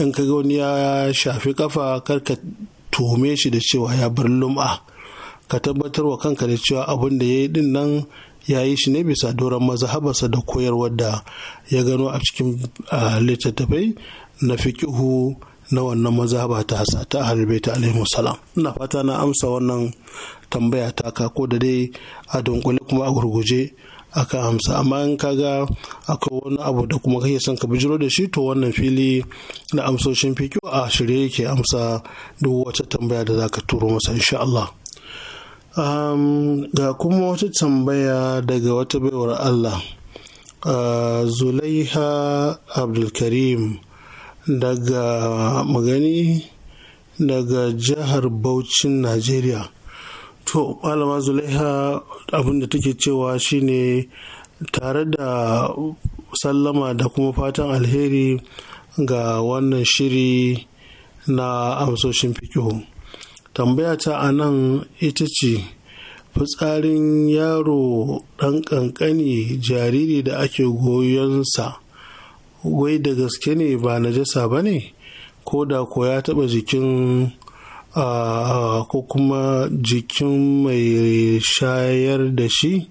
in ka wani ya shafi kafa kar ka tuhume shi da cewa ya bar lum'a ka tabbatar wa kanka da cewa abin da ya yi din nan ya yi shi ne bisa doron mazhabarsa da koyarwar da ya gano a cikin littattafai na fikihu na wannan ba ta hasa ta halbe alaihi salam ina fata na amsa wannan tambaya ta ka ko da dai a dunkule kuma a gurguje aka amsa amma in ka ga akwai wani abu da kuma kake son ka bijiro da shi to wannan fili na amsoshin fikiyo a shirye yake amsa duk wata tambaya da za ka turo masa insha Allah ga kuma wata tambaya daga wata baiwar Allah zulaiha abdulkarim daga magani daga jihar Bauchin Najeriya. To, Malama Zulaiha abinda take cewa shine tare da sallama da kuma fatan alheri ga wannan shiri na amsoshin fikihu. Tambaya ta a nan ita ce, fitsarin yaro ɗan ƙanƙani jariri da ake goyonsa wai da gaske ne ba najasa ba ne ko da ko ya taɓa jikin ko kuma jikin mai shayar da shi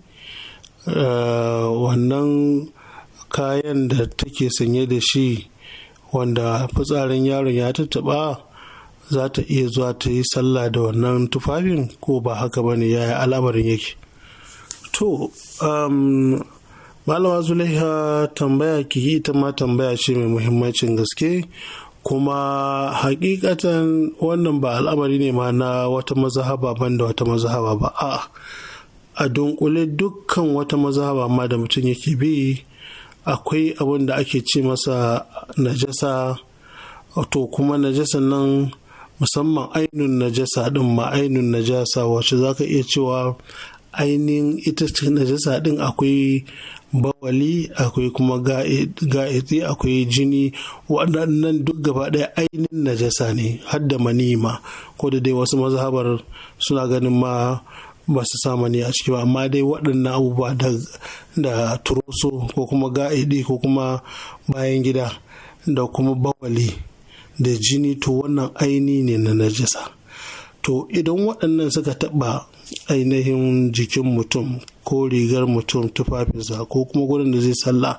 wannan kayan da take sanye da shi wanda fitsarin yaron ya tattaɓa za ta iya zuwa ta yi sallah da wannan tufafin ko ba haka ba ne ya yi al'amarin yake to um, malama zulaiha tambaya ki yi ita ma tambaya ce mai muhimmancin gaske kuma hakikatan wannan ba al'amari ne ma na wata mazahaba ban da wata mazahaba ba a a dunkule dukkan wata mazahaba ma da mutum yake bi akwai abin da ake ce masa najasa to kuma Najasa nan musamman ainun najasa din ma ainun najasa wacce za ka iya cewa ainihin ita cikin najasa din akwai bawali akwai kuma ga'iti akwai jini waɗannan duk gaba ɗaya ainihin najasa ne hadda manima ko da dai wasu mazhabar suna ganin ma ba su sama ne a ciki ba amma dai waɗannan abubuwa da turoso ko kuma ga'idi ko kuma bayan gida da kuma bawali da jini to wannan aini ne na najasa to idan waɗannan suka taɓa ainihin jikin mutum ko rigar mutum tufafinsa ko kuma gurin da zai sallah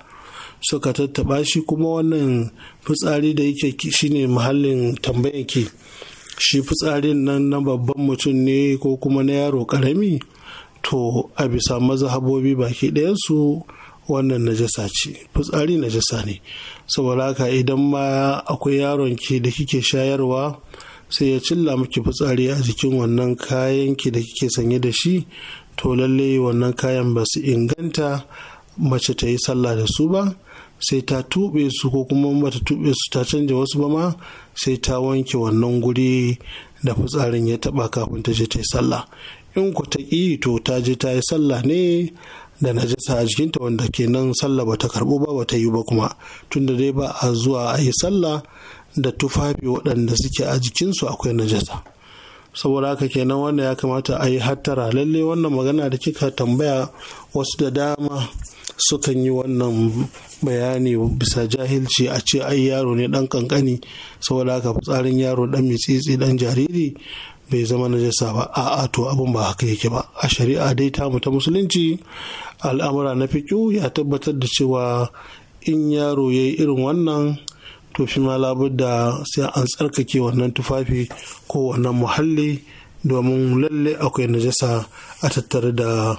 suka tattaba shi kuma wannan fitsari da yake shine muhallin tambayan ke shi fitsarin nan na babban mutum ne ko kuma na yaro karami to a bisa mazhabobi baki ɗayansu su wannan najasa ce fitsari najasa ne saboda haka idan ma akwai yaron ki da kike shayarwa sai ya cilla miki fitsari a jikin wannan kayan ki da kike sanye da shi to lalle wannan kayan ba su inganta mace ta yi sallah da su ba sai ta tuɓe su ko kuma mata tuɓe su ta canja wasu ba ma sai ta wanke wannan guri da fitsarin ya taɓa kafin ta je ta yi sallah in ku ta ƙi to ta je ta yi sallah ne da najasa a jikinta wanda ke nan sallah ba ta karɓo ba ta yi ba kuma tunda dai ba a zuwa a yi sallah da tufafi waɗanda suke a jikinsu akwai najasa saboda haka kenan wanda ya kamata a yi hattara lalle wannan magana da kika tambaya wasu da dama sukan yi wannan bayani bisa jahilci a ce ai yaro ne dan kankani saboda haka fitsarin yaro dan mitsitsi dan jariri bai zama najasa ba a'a to abin ba haka yake ba a shari'a dai ta ta musulunci al'amura na fiƙo ya tabbatar da cewa in yaro ya yi irin wannan to shi ma da sai an tsarkake wannan tufafi ko wannan muhalli domin lalle akwai najasa a tattare da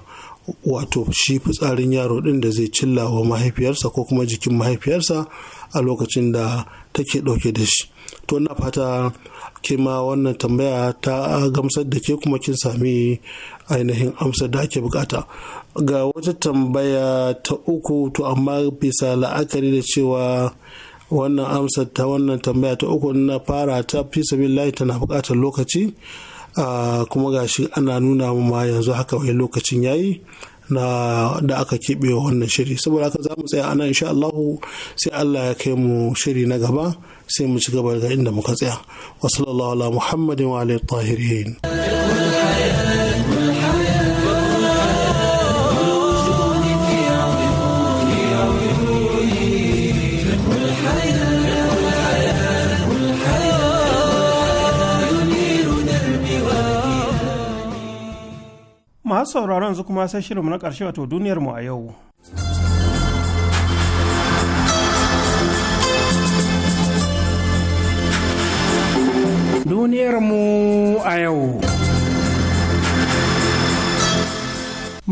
wato shi fitsarin yaro ɗin da zai cilla wa mahaifiyarsa ko kuma jikin mahaifiyarsa a lokacin da take ɗauke da shi to na fata ke ma wannan tambaya ta gamsar da ke kuma kin sami ainihin amsar da ake bukata ga wata tambaya ta uku to amma bisa la'akari da cewa wannan amsar ta wannan tambaya ta uku na fara ta fi layi tana bukatar lokaci kuma gashi ana nuna ma yanzu haka wai lokacin yayi na da aka keɓe wannan shiri saboda haka za mu tsaya anan insha Allahu sai Allah ya kai mu shiri na gaba sai mu ci gaba da inda muka tsaya wa sallallahu ala muhammadin wa alihi tahirin masu sauraron su kuma sai shirinmu na ƙarshe wato duniyarmu a yau.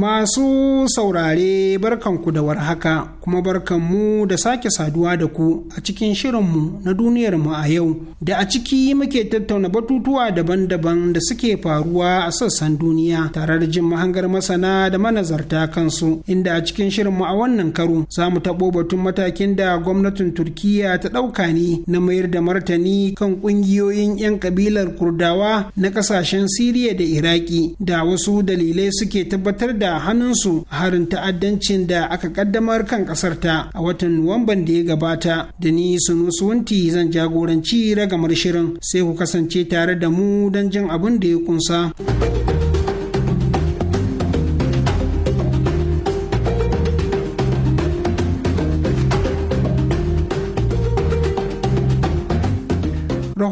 Masu saurare barkanku da warhaka kuma barkanmu da sake saduwa da ku a cikin shirinmu na duniyarmu a yau da a ciki muke tattauna batutuwa daban-daban da suke faruwa a sassan duniya tare da jin mahangar masana da manazarta kansu inda a cikin shirinmu a wannan karo za mu taɓo batun matakin da gwamnatin Turkiyya ta ɗauka ne na mayar da martani kan ƙungiyoyin 'yan kabilar Kurdawa na ƙasashen Siriya da Iraki da wasu dalilai suke tabbatar da a hannunsu a harin ta'addancin da aka kaddamar kan kasar a watan Nuwamban da ya gabata da ni sunusunti zan jagoranci ragamar shirin sai ku kasance tare da mu don jin abin da ya kunsa.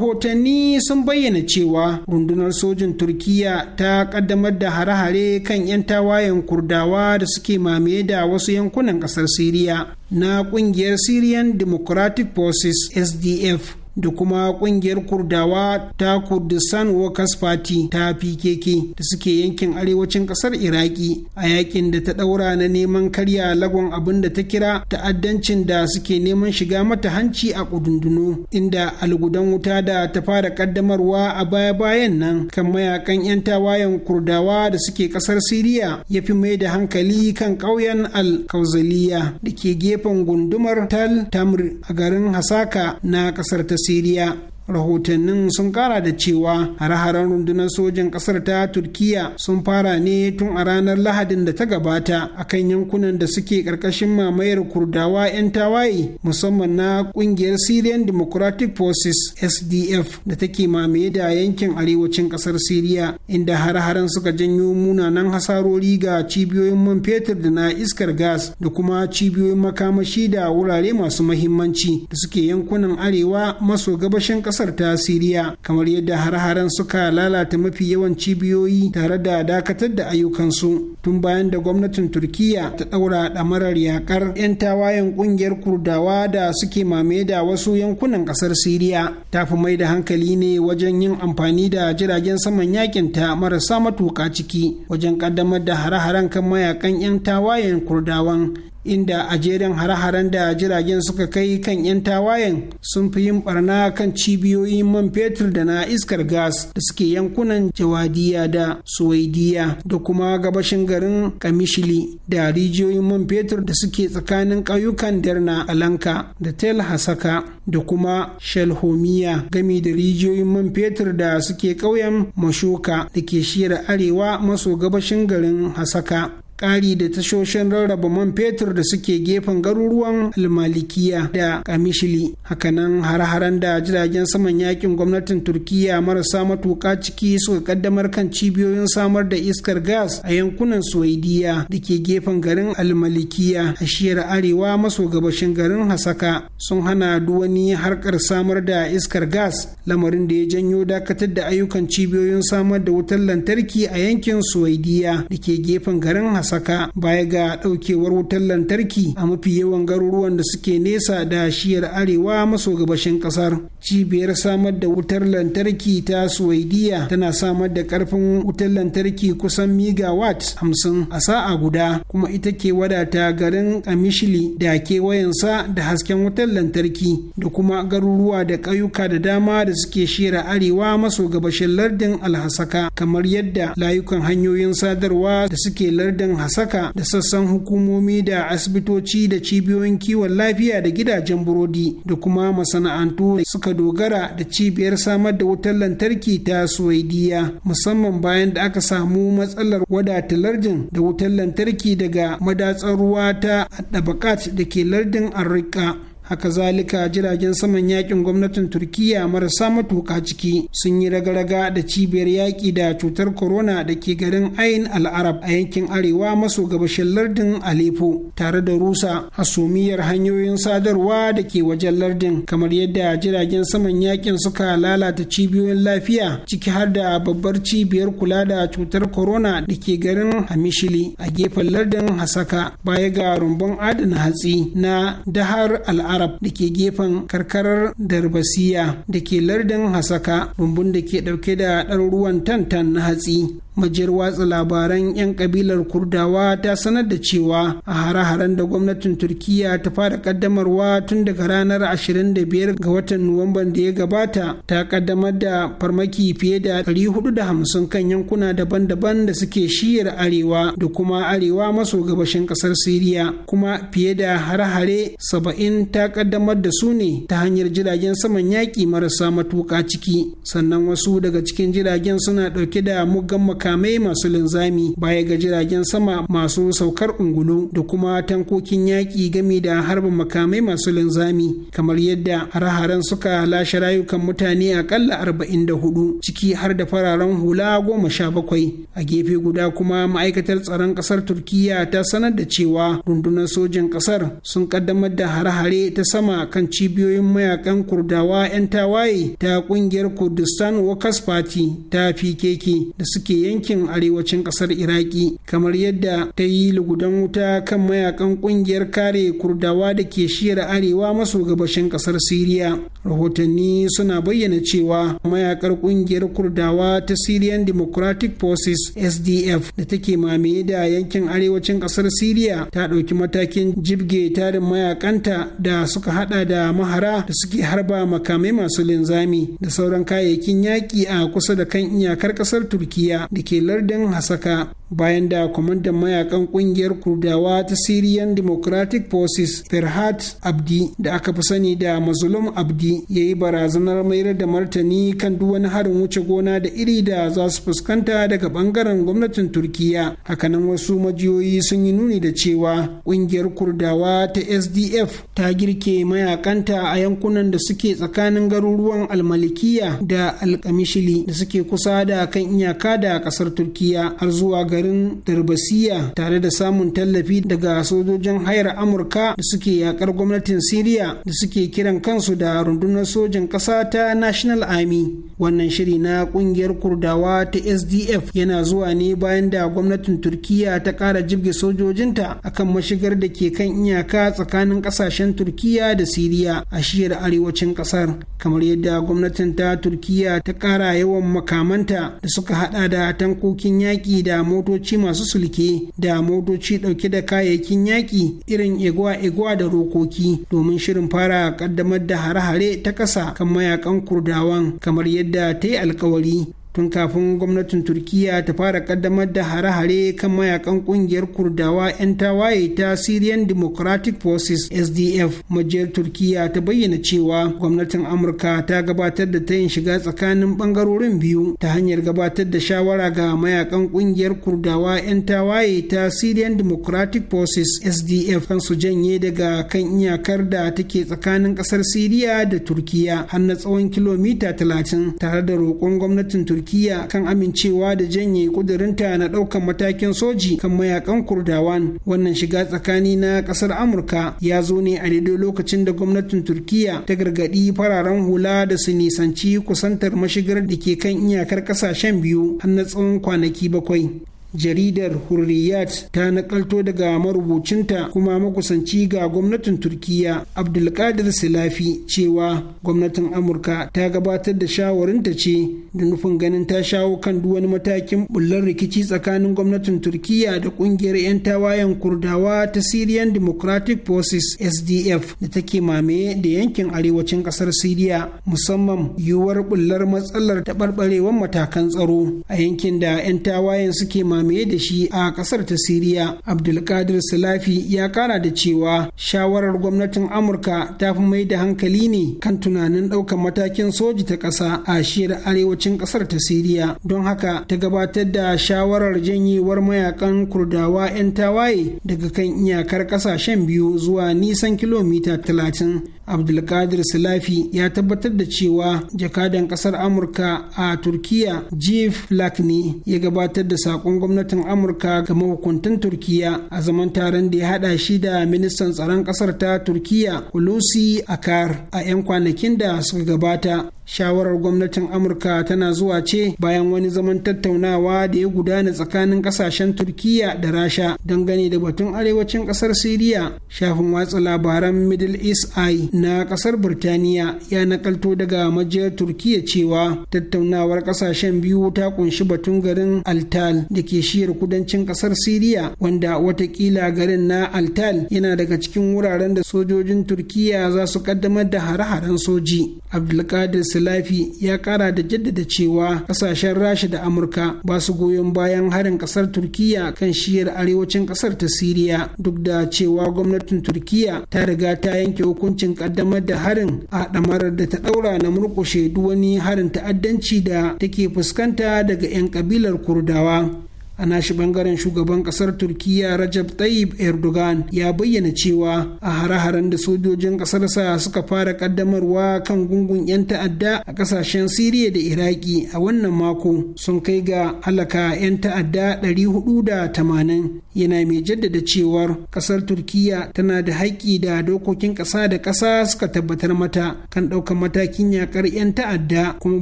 rahotanni sun bayyana cewa rundunar sojin turkiya ta kaddamar da hare-hare kan 'yan tawayen kurdawa da suke mamaye da wasu yankunan kasar siriya na kungiyar syrian democratic forces sdf da kuma kungiyar kurdawa ta kurdistan workers party ta pkk da suke yankin arewacin kasar iraki a yakin da ta daura na neman karya lagon abin da ta kira ta'addancin da suke neman shiga mata hanci a kudundunu inda algudan wuta da ta fara kaddamarwa a baya-bayan nan kan mayakan 'yan tawayen kurdawa da suke kasar siriya ya fi mai da hankali kan ƙauyen al-kauzaliya da ke gefen gundumar tal tamir a garin hasaka na kasar ta Siria rahotannin sun kara da cewa hare-haren rundunar sojan kasar ta turkiya sun fara ne tun a ranar lahadin da ta gabata a kan yankunan da suke karkashin mamayar kurdawa 'yan tawaye musamman na kungiyar syrian democratic forces sdf da take mamaye da yankin arewacin kasar syria inda hare-haren suka janyo munanan hasarori ga cibiyoyin man fetur da na iskar gas da kuma cibiyoyin makamashi da wurare masu mahimmanci da suke yankunan arewa maso gabashin kasar kasar ta siriya kamar yadda har-haren suka lalata mafi yawan cibiyoyi tare da dakatar da ayyukansu tun bayan da gwamnatin turkiya ta ɗaura ɗamarar yakar 'yan tawayen ƙungiyar kurdawa da suke mame da wasu yankunan ƙasar siriya ta fi mai da hankali ne wajen yin amfani da jiragen saman yakin ta marasa matuƙa ciki wajen ƙaddamar da hare-haren kan mayakan 'yan tawayen kurdawan inda a jerin hare-haren da jiragen suka kai kan 'yan tawayen sun fi yin barna kan cibiyoyin man fetur da na iskar gas da suke yankunan jawadiya da suwaidiya da kuma gabashin garin kamishili da rijiyoyin man fetur da suke tsakanin ƙauyukan derna alanka da tel hasaka da kuma shalhomiya gami da rijiyoyin man fetur da suke ƙauyen mashoka da ke shira arewa maso gabashin garin hasaka ƙari da tashoshin rarraba man fetur da suke gefen garuruwan almalikiya da kamishili hakanan har-haren da jiragen saman yakin gwamnatin turkiya marasa matuƙa ciki suka kaddamar kan cibiyoyin samar da iskar gas a yankunan suwaidiya da ke gefen garin almalikiya a shiyar arewa maso gabashin garin hasaka sun hana duwani harkar samar da iskar gas lamarin da ya janyo dakatar da ayyukan cibiyoyin samar da wutar lantarki a yankin suwaidiya da ke gefen garin hasaka saka baya ga ɗaukewar wutar lantarki a mafi yawan garuruwan da suke nesa da shiyar arewa maso gabashin ƙasar cibiyar samar da wutar lantarki ta suwaidiya tana samar da ƙarfin wutar lantarki kusan megawatt hamsin a sa'a guda kuma ita ke wadata garin kamishili da kewayensa da hasken wutar lantarki da kuma garuruwa da ƙauyuka da dama da suke shiyar arewa maso gabashin lardin alhasaka kamar yadda layukan hanyoyin sadarwa da suke lardin yin hasaka da sassan hukumomi da asibitoci da cibiyoyin kiwon lafiya da gidajen burodi da kuma masana'antu da suka dogara da cibiyar samar da wutar lantarki ta suwaidiya musamman bayan da aka samu matsalar wadata lardin da wutar lantarki daga madatsar ruwa ta dabakat da ke lardin arrika haka zalika jiragen saman yakin gwamnatin turkiya marasa matuka ciki sun yi raga-raga da cibiyar yaƙi da cutar corona da ke garin ayin al'arab a yankin arewa maso gabashin lardin aleppo tare da rusa hasumiyar hanyoyin sadarwa da ke wajen lardin kamar yadda jiragen saman yakin suka lalata cibiyoyin lafiya ciki har da babbar cibiyar kula da cutar corona da ke garin hamishili a gefen lardin hasaka baya ga rumbun adana hatsi na dahar al'arab arab da ke gefen karkarar darbasiya da ke lardin hasaka rumbun da ke dauke da ɗaruruwan tantan na hatsi majiyar watsa labaran 'yan kabilar kurdawa ta sanar da cewa a hare-haren da gwamnatin turkiya ta fara kaddamarwa tun daga ranar 25 ga watan nuwamban da ya gabata ta kaddamar da farmaki fiye da 450 kan yankuna daban-daban da suke shiyar arewa da kuma arewa maso gabashin kasar siriya kuma fiye da hare-hare 70 ta kaddamar da su ne ta hanyar jiragen saman yaƙi marasa matuƙa ciki sannan wasu daga cikin jiragen suna ɗauke da muggan makamai masu linzami baya ga jiragen sama masu saukar ungulu da kuma tankokin yaƙi game da harbin makamai masu linzami kamar yadda hare-haren suka lashe rayukan mutane akalla arba'in da hudu ciki har da fararen hula goma sha bakwai a gefe guda kuma ma'aikatar tsaron ƙasar turkiya ta sanar da cewa rundunar sojin ƙasar sun kaddamar da hare-hare ta sama kan cibiyoyin mayakan kurdawa 'yan tawaye ta ƙungiyar kurdistan workers party ta keke da suke yankin arewacin kasar iraki kamar yadda ta yi lugudan wuta kan mayakan kungiyar kare kurdawa da ke shiyar arewa maso gabashin kasar siriya rahotanni suna bayyana cewa mayakar kungiyar kurdawa ta syrian democratic forces sdf da take mame da yankin arewacin kasar siriya ta ɗauki matakin jibge tarin mayakanta da suka hada da mahara da suke harba makamai masu linzami da sauran kayayyakin yaƙi a kusa da kan iyakar kasar turkiya da ke lardin hasaka bayan da kwamandan mayakan kungiyar kurdawa ta syrian democratic forces ferhat abdi da aka fi sani da mazlum abdi ya yi barazanar mayar da martani kan duk wani harin wuce gona da iri da za su fuskanta daga bangaren gwamnatin turkiya hakanan wasu majiyoyi sun yi nuni da cewa kungiyar kurdawa ta sdf ta girke mayakanta a yankunan da suke tsakanin garuruwan almalikiya da alkamishili da suke kusa da kan iyaka da kasar turkiya har zuwa garin darbasiya tare da samun tallafi daga sojojin hayar amurka da suke yakar gwamnatin siriya da suke kiran kansu da rundunar sojin ƙasa ta national army wannan shiri na ƙungiyar kurdawa ta sdf yana zuwa ne bayan da gwamnatin turkiya ta ƙara jibge sojojinta akan mashigar da ke kan iyaka tsakanin ƙasashen turkiya da siriya a shiyar arewacin ƙasar kamar yadda gwamnatin ta turkiya ta ƙara yawan makamanta da suka hada da tankokin yaƙi da motoci masu sulke da motoci ɗauke da kayayyakin yaƙi irin igwa-igwa da rokoki domin shirin fara ƙaddamar da hare-hare ta ƙasa kan mayakan kurdawan kamar yadda ta yi alkawari tun kafin gwamnatin turkiya ta fara kaddamar da hare-hare kan mayakan kungiyar kurdawa 'yan tawaye ta syrian democratic forces sdf majiyar turkiya ta bayyana cewa gwamnatin amurka ta gabatar da ta tayin shiga tsakanin bangarorin biyu ta hanyar gabatar da shawara ga mayakan kungiyar kurdawa 'yan tawaye ta syrian democratic forces sdf kan su janye daga kan iyakar da take tsakanin kasar syria da turkiya har na tsawon kilomita 30 tare da roƙon gwamnatin turkiya turkiya kan amincewa da janye ƙudurinta na ɗaukan matakin soji kan mayakan kurdawan wannan shiga tsakani na ƙasar amurka ya zo ne a daidai lokacin da gwamnatin turkiya ta gargaɗi fararen hula da su nisanci kusantar mashigar da ke kan iyakar ƙasashen biyu har na tsawon kwanaki bakwai jaridar hurriyat ta nakalto daga marubucinta kuma makusanci ga gwamnatin turkiyya abdulkadir silafi cewa gwamnatin amurka ta gabatar da shawarinta ce da nufin ganin ta shawo kan duk wani matakin bullar rikici tsakanin gwamnatin turkiyya da kungiyar 'yan tawayen kurdawa ta syrian democratic forces sdf da take mamaye da yankin arewacin kasar syria musamman yiwuwar bullar matsalar taɓarɓarewar matakan tsaro a yankin da 'yan tawayen suke mamaye mamaye da shi a kasar ta siriya abdulkadir salafi ya kara da cewa shawarar gwamnatin amurka ta fi mai da hankali ne kan tunanin ɗaukar matakin soji ta ƙasa a shiyar arewacin ƙasar ta siriya don haka ta gabatar da shawarar janyewar mayakan kurdawa 'yan tawaye daga kan iyakar ƙasashen biyu zuwa nisan kilomita 30 abdulkadir silafi ya tabbatar da cewa jakadan kasar amurka a turkiya jeff flak ya gabatar da sakon gwamnatin amurka ga mahukuntan turkiya a zaman taron da ya hada shi da ministan tsaron kasar ta turkiya hulusi akar a 'yan kwanakin da suka gabata shawarar gwamnatin amurka tana zuwa ce bayan wani zaman tattaunawa da ya gudana tsakanin kasashen turkiya da rasha dangane da batun arewacin kasar siriya shafin watsa labaran middle east eye na kasar birtaniya ya nakalto daga majiyar turkiya cewa tattaunawar kasashen biyu ta kunshi batun garin altal da ke shiyar kudancin kasar siriya wanda watakila garin na altal yana daga cikin wuraren da sojojin turkiya za su kaddamar da hare-haren soji abdulkadir islafi ya kara da jaddada cewa kasashen rasha da amurka ba su goyon bayan harin kasar turkiya kan shiyar arewacin kasar ta siriya duk da cewa gwamnatin turkiya ta riga ta yanke hukuncin kaddamar da harin a damarar da ta daura na murkushe duk wani harin ta'addanci da take fuskanta daga 'yan kabilar kurdawa a nashi bangaren shugaban kasar turkiya rajab tayyip erdogan ya bayyana cewa a hare-haren da sojojin kasarsa suka fara kaddamarwa kan gungun 'yan ta'adda a kasashen siriya da iraki a wannan mako sun kai ga halaka 'yan ta'adda 480 yana mai jaddada cewar kasar turkiya tana da haƙƙi da dokokin ƙasa da ƙasa suka tabbatar mata kan ɗaukar matakin yakar 'yan ta'adda kuma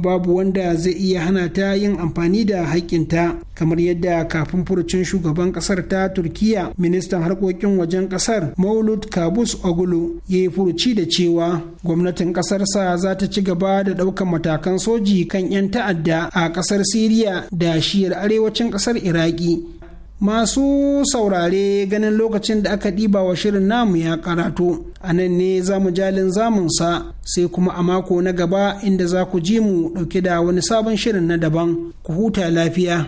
babu wanda zai iya hana ta yin amfani da haƙƙinta kamar yadda kafin furucin shugaban kasar ta turkiya ministan harkokin wajen kasar maulud kabus oglu ya yi furuci da cewa gwamnatin kasarsa za ta ci gaba da ɗaukan matakan soji kan 'yan ta'adda a kasar siriya da shiyar arewacin kasar iraki masu saurare ganin lokacin da aka ɗiba wa shirin namu ya karatu a nan ne za mu jalin zamunsa sai kuma a mako na gaba inda za ku ji mu ɗauke da wani sabon shirin na daban ku huta lafiya.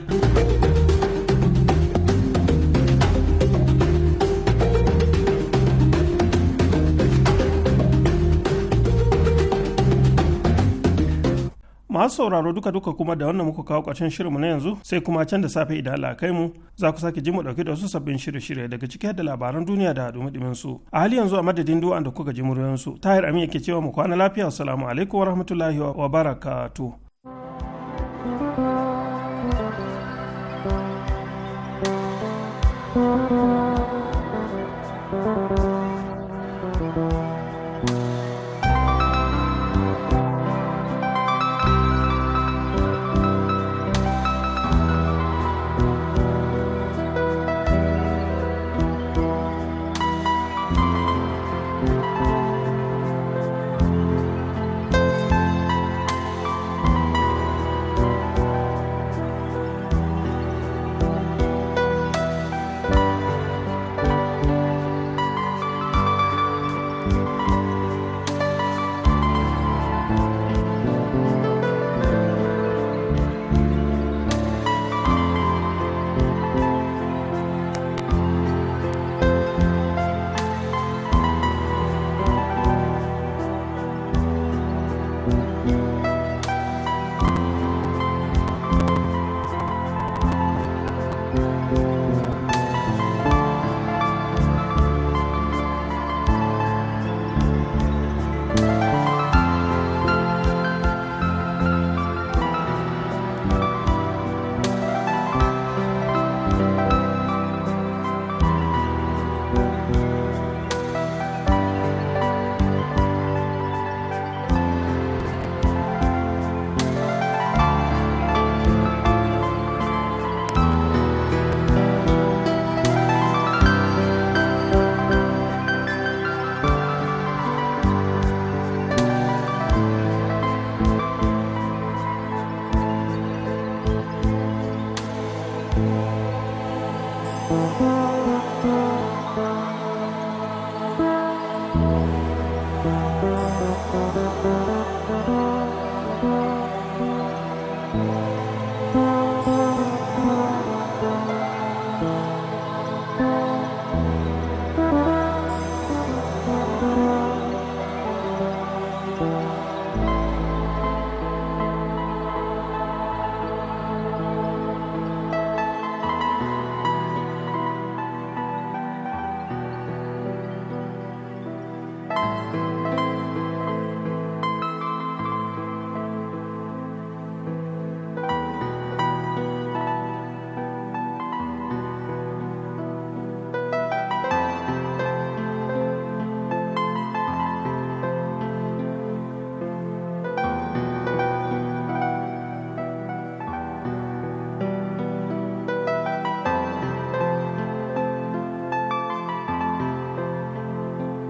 masu sauraro duka duka kuma da wannan muka kawo ƙarshen shirinmu na yanzu sai kuma can da safe idan Allah kai mu za ku sake ji mu dauke da wasu sabbin shirye-shirye daga ciki da labaran duniya da dumudumin su a hali yanzu a madadin duwa da kuka ji muryoyin tahir amin yake cewa mu kwana lafiya assalamu alaikum warahmatullahi wabarakatuh